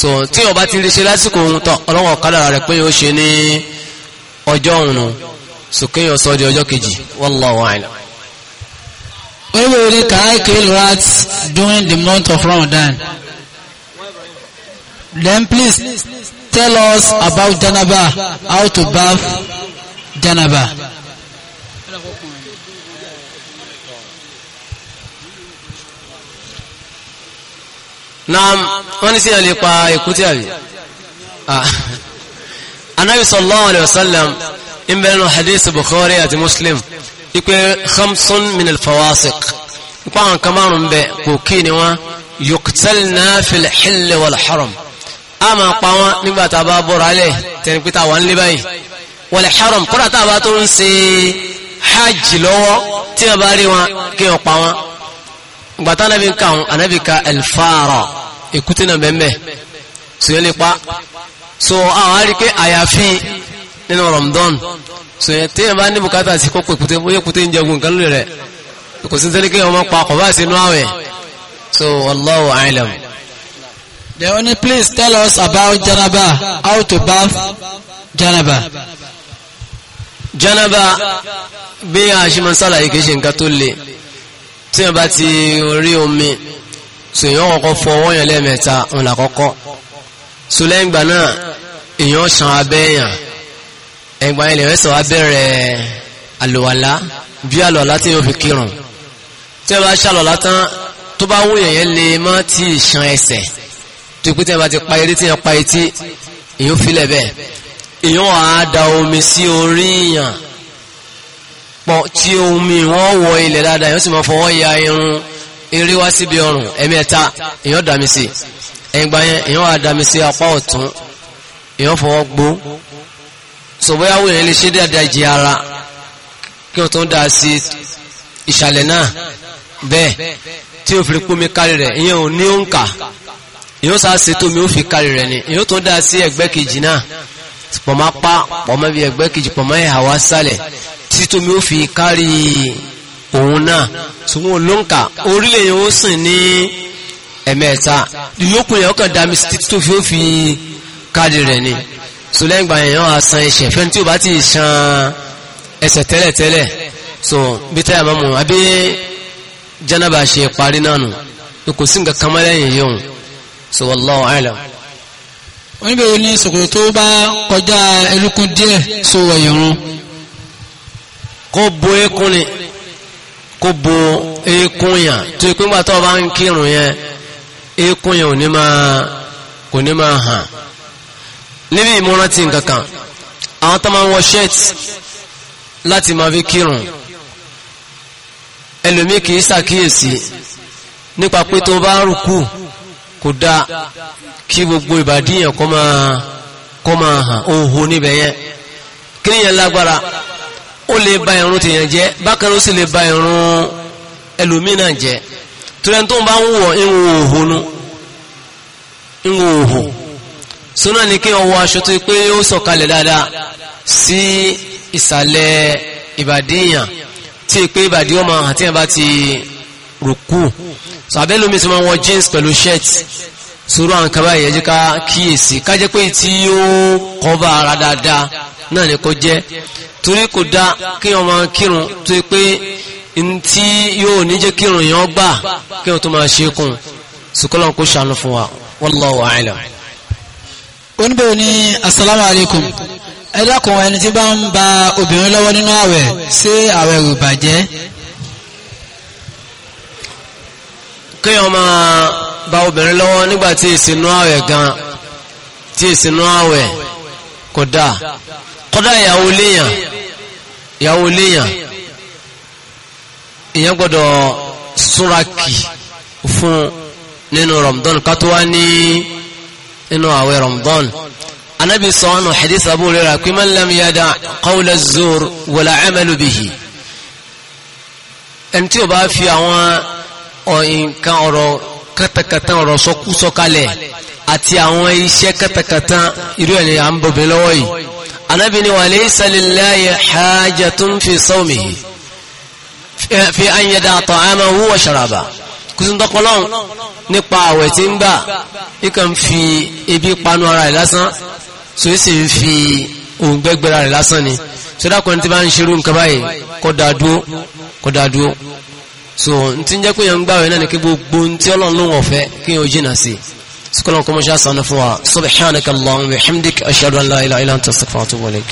so tí ọba ti rí ṣe lásìkò ohun tán ọlọ́wọ̀n kádàrà rẹ̀ pé ó ṣe ní ọjọ́ òun nù sókè yọ sọ di ọjọ́ kejì wallahu a'lam. wọ́n rí kàá kill rats during the month of Ramadan. Then please tell us about janaba, how to bath janaba. naam wọ́n ní sí ìyàn lè pa èkúté àbí. anabi ah. sallallahu alayhi wa sallam ń bẹ nínú hadith bukhari àti muslim ipe khamsun min alfawasiq ipa àwọn kan márùn bẹ kò kí ni wọn yuqtalna fil hill wal haram a máa pa wọn nígbà tá a bá bọ̀rọ̀ alẹ́ tẹni pé tá báyìí wal haram kódà tá a bá tó ń ṣe hajj lọ́wọ́ tí a bá rí wọn kí wọn pa wọn gbàtà nàbí ń kàwọn ànábì ka alfaara èkúté náà bẹ́ẹ̀ bẹ́ẹ̀ sèyí lè pa so àwọn àríkè àyàfi nínú Ramadan so yẹn téèyàn bá ní bùkátà sí kó pèkúté bóyá kúté ń jẹun nǹkan lórí rẹ kò sí nítorí kéèyàn máa pa ọkọ̀ bá sínú àwẹ̀ so wallahu a'lam. they only please tell us about janaba how to bath janaba. janaba bí a ṣe máa ń sàlàyé kì í ṣe nǹkan tó le tí wọn bá ti rí omi so èèyàn kọ́kọ́ fọ ọwọ́ yẹn lẹ́ẹ̀mẹ́ta òun là kọ́kọ́ so lẹ́yìn ìgbà náà èèyàn ṣan abẹ́ yàn ẹ̀gbọ́n yẹn lè rẹ́ sọ wá bẹ̀rẹ̀ àlùwàlá bí àlùwàlá tí yóò fi kírun tí wọ́n bá ṣàlùwàlá tán tó bá wù yẹn lè má tí ì ṣan ẹsẹ̀ tó pé tí wọ́n bá ti pa eré tí wọ́n pa etí èyí filẹ̀ bẹ́ẹ̀ èyí wọ́n á da omi sí orí yàn pọ̀ tí omi wọ́n wọ ilẹ̀ dáadáa yóò sì máa fọwọ́ ya irun eré wá síbi ọrùn ẹ̀mí ẹ̀ta èyí ó dàmí sí ẹ̀gbọ́n yẹn èyí wọ́n á dàmí sí apá ọ̀tún èyí fọwọ́ gbó sọ̀bọ́yàwó yẹn lè ṣe dáadáa jẹ ara kí wọ́n tó ń dáa sí ìṣàlẹ̀ náà bẹ́ẹ̀ tí o fi pómi kárí rẹ̀ ìyẹn ò ní òǹkà ìyẹn ó sá ṣe tómi ó fi kárí rẹ̀ ni ìyẹn ó tó ń dáa sí ẹgbẹ́ kejì náà pọ̀mọ́ pa pọ̀mọ́ bí ẹgbẹ́ kejì pọ̀mọ́ ẹ̀ àwa sálẹ̀ tí tómi ó fi kárí òun náà sùnwó lóǹkà orílẹ̀ yẹn ó sìn ní ẹ̀mẹ́ta ìyókùn yẹn ó kàn dá mi títí tó fi ó fi kárí rẹ̀ ni so lẹ́yìn gbà yẹn wọ́n á san ẹsẹ̀ fẹ́ni tí o bá ti san ẹsẹ̀ tẹ́lẹ̀tẹ́lẹ̀ so bí táyà máa mú abí jẹ́nàbà ṣe parí náà nù kò sí nǹkan kan mọ́ lẹ́yìn so wallahu a'lam. oníbẹ̀rẹ̀ ní sòkòtò tó bá so ẹ̀yìn rún. kó bo eékún ni kó bo eékún yàn tó ìpínpàtọ́ níbi ìmúrántí nkankan àwọn tó máa ń wọ shirt láti máa fi kírun ẹlòmíì kì í ṣàkíyèsí nípa pé tó bá rùkù kò dáa kí gbogbo ìbàdíyàn kọ́ máa kọ́ máa hàn òhun níbẹ̀ yẹn kí nìyẹn lágbára ó lè ba irun tèèyàn jẹ́ bákan ó sì lè ba irun ẹlòmíì náà jẹ́ tó yẹn tó ń bá ń wọ irun òhun nu irun òhun súnà ni kí wọ́n wọ aṣọ tó pé ó sọ̀kalẹ̀ dáadáa sí ìsàlẹ̀ ìbàdí èèyàn tí è pé ìbàdí ọmọ àti ẹ̀ bá ti rùkú so abẹ́lómi tí wọ́n wọ jeans pẹ̀lú shirt sórú àwọn kaba yẹn jẹ́ ká kíyèsí ká pé tí ó kọ́ba ara dáadáa náà ni kò jẹ́ torí kò dá kí wọ́n kírun tó pé ntí yóò ní kírun yẹn gbà kí wọ́n tó máa ṣe kùn sùkọ́lọ́n kó ṣàánú fún wa wallahu a'lam oníbẹ̀rẹ̀ ní asalaamu alaykum ẹ dákun ẹni tí bá ń ba obìnrin lọ́wọ́ nínú àwẹ̀ ṣé àwẹ̀ rò bàjẹ́. kéèyàn máa ba obìnrin lọ́wọ́ nígbà tí ìsinú àwẹ̀ gan tí ìsinú àwẹ̀ kò dáa kódà ìyàwó léèyàn ìyàwó léèyàn èèyàn gbọ́dọ̀ súnra kì fún nínú Ramadan ká tó wá ní nínú àwẹ̀ Ramadan anabi sọ̀nù hadith Abu Hurairah pé man lam yada' qawla az-zur wala 'amalu bihi ẹni tí ó bá fi àwọn nǹkan ọ̀rọ̀ kátàkátà ọ̀rọ̀ sọkúsọ kalẹ̀ àti àwọn iṣẹ́ kátàkátà irú ẹni à ń bọ̀bẹ̀ lọ́wọ́ yìí anabi ni wa laysa lillahi hajatun fi sawmihi fi an yada'a ta'amahu wa sharabahu kùsùn tọkọlọ́hún nípa àwẹ̀ tí ń gbà ìkà ń fi ebi panu ara rẹ̀ lásán tó sì ń fi òǹgbẹ́ gbẹ́ra rẹ̀ lásán ni sódà kan tí bá ń ṣerú nǹkan báyìí kọ́ da so n ti ń jẹ́ pé yẹn ń gbàwẹ̀ náà ni kí gbogbo ohun tí ọlọ́run ló wọ̀ kí yẹn jìnà sí sukọlọ́n kọ́mọ́ṣá sanu wa subhanaka allahumma wa bihamdik ashhadu la ilaha illa anta astaghfiruka atubu ilaik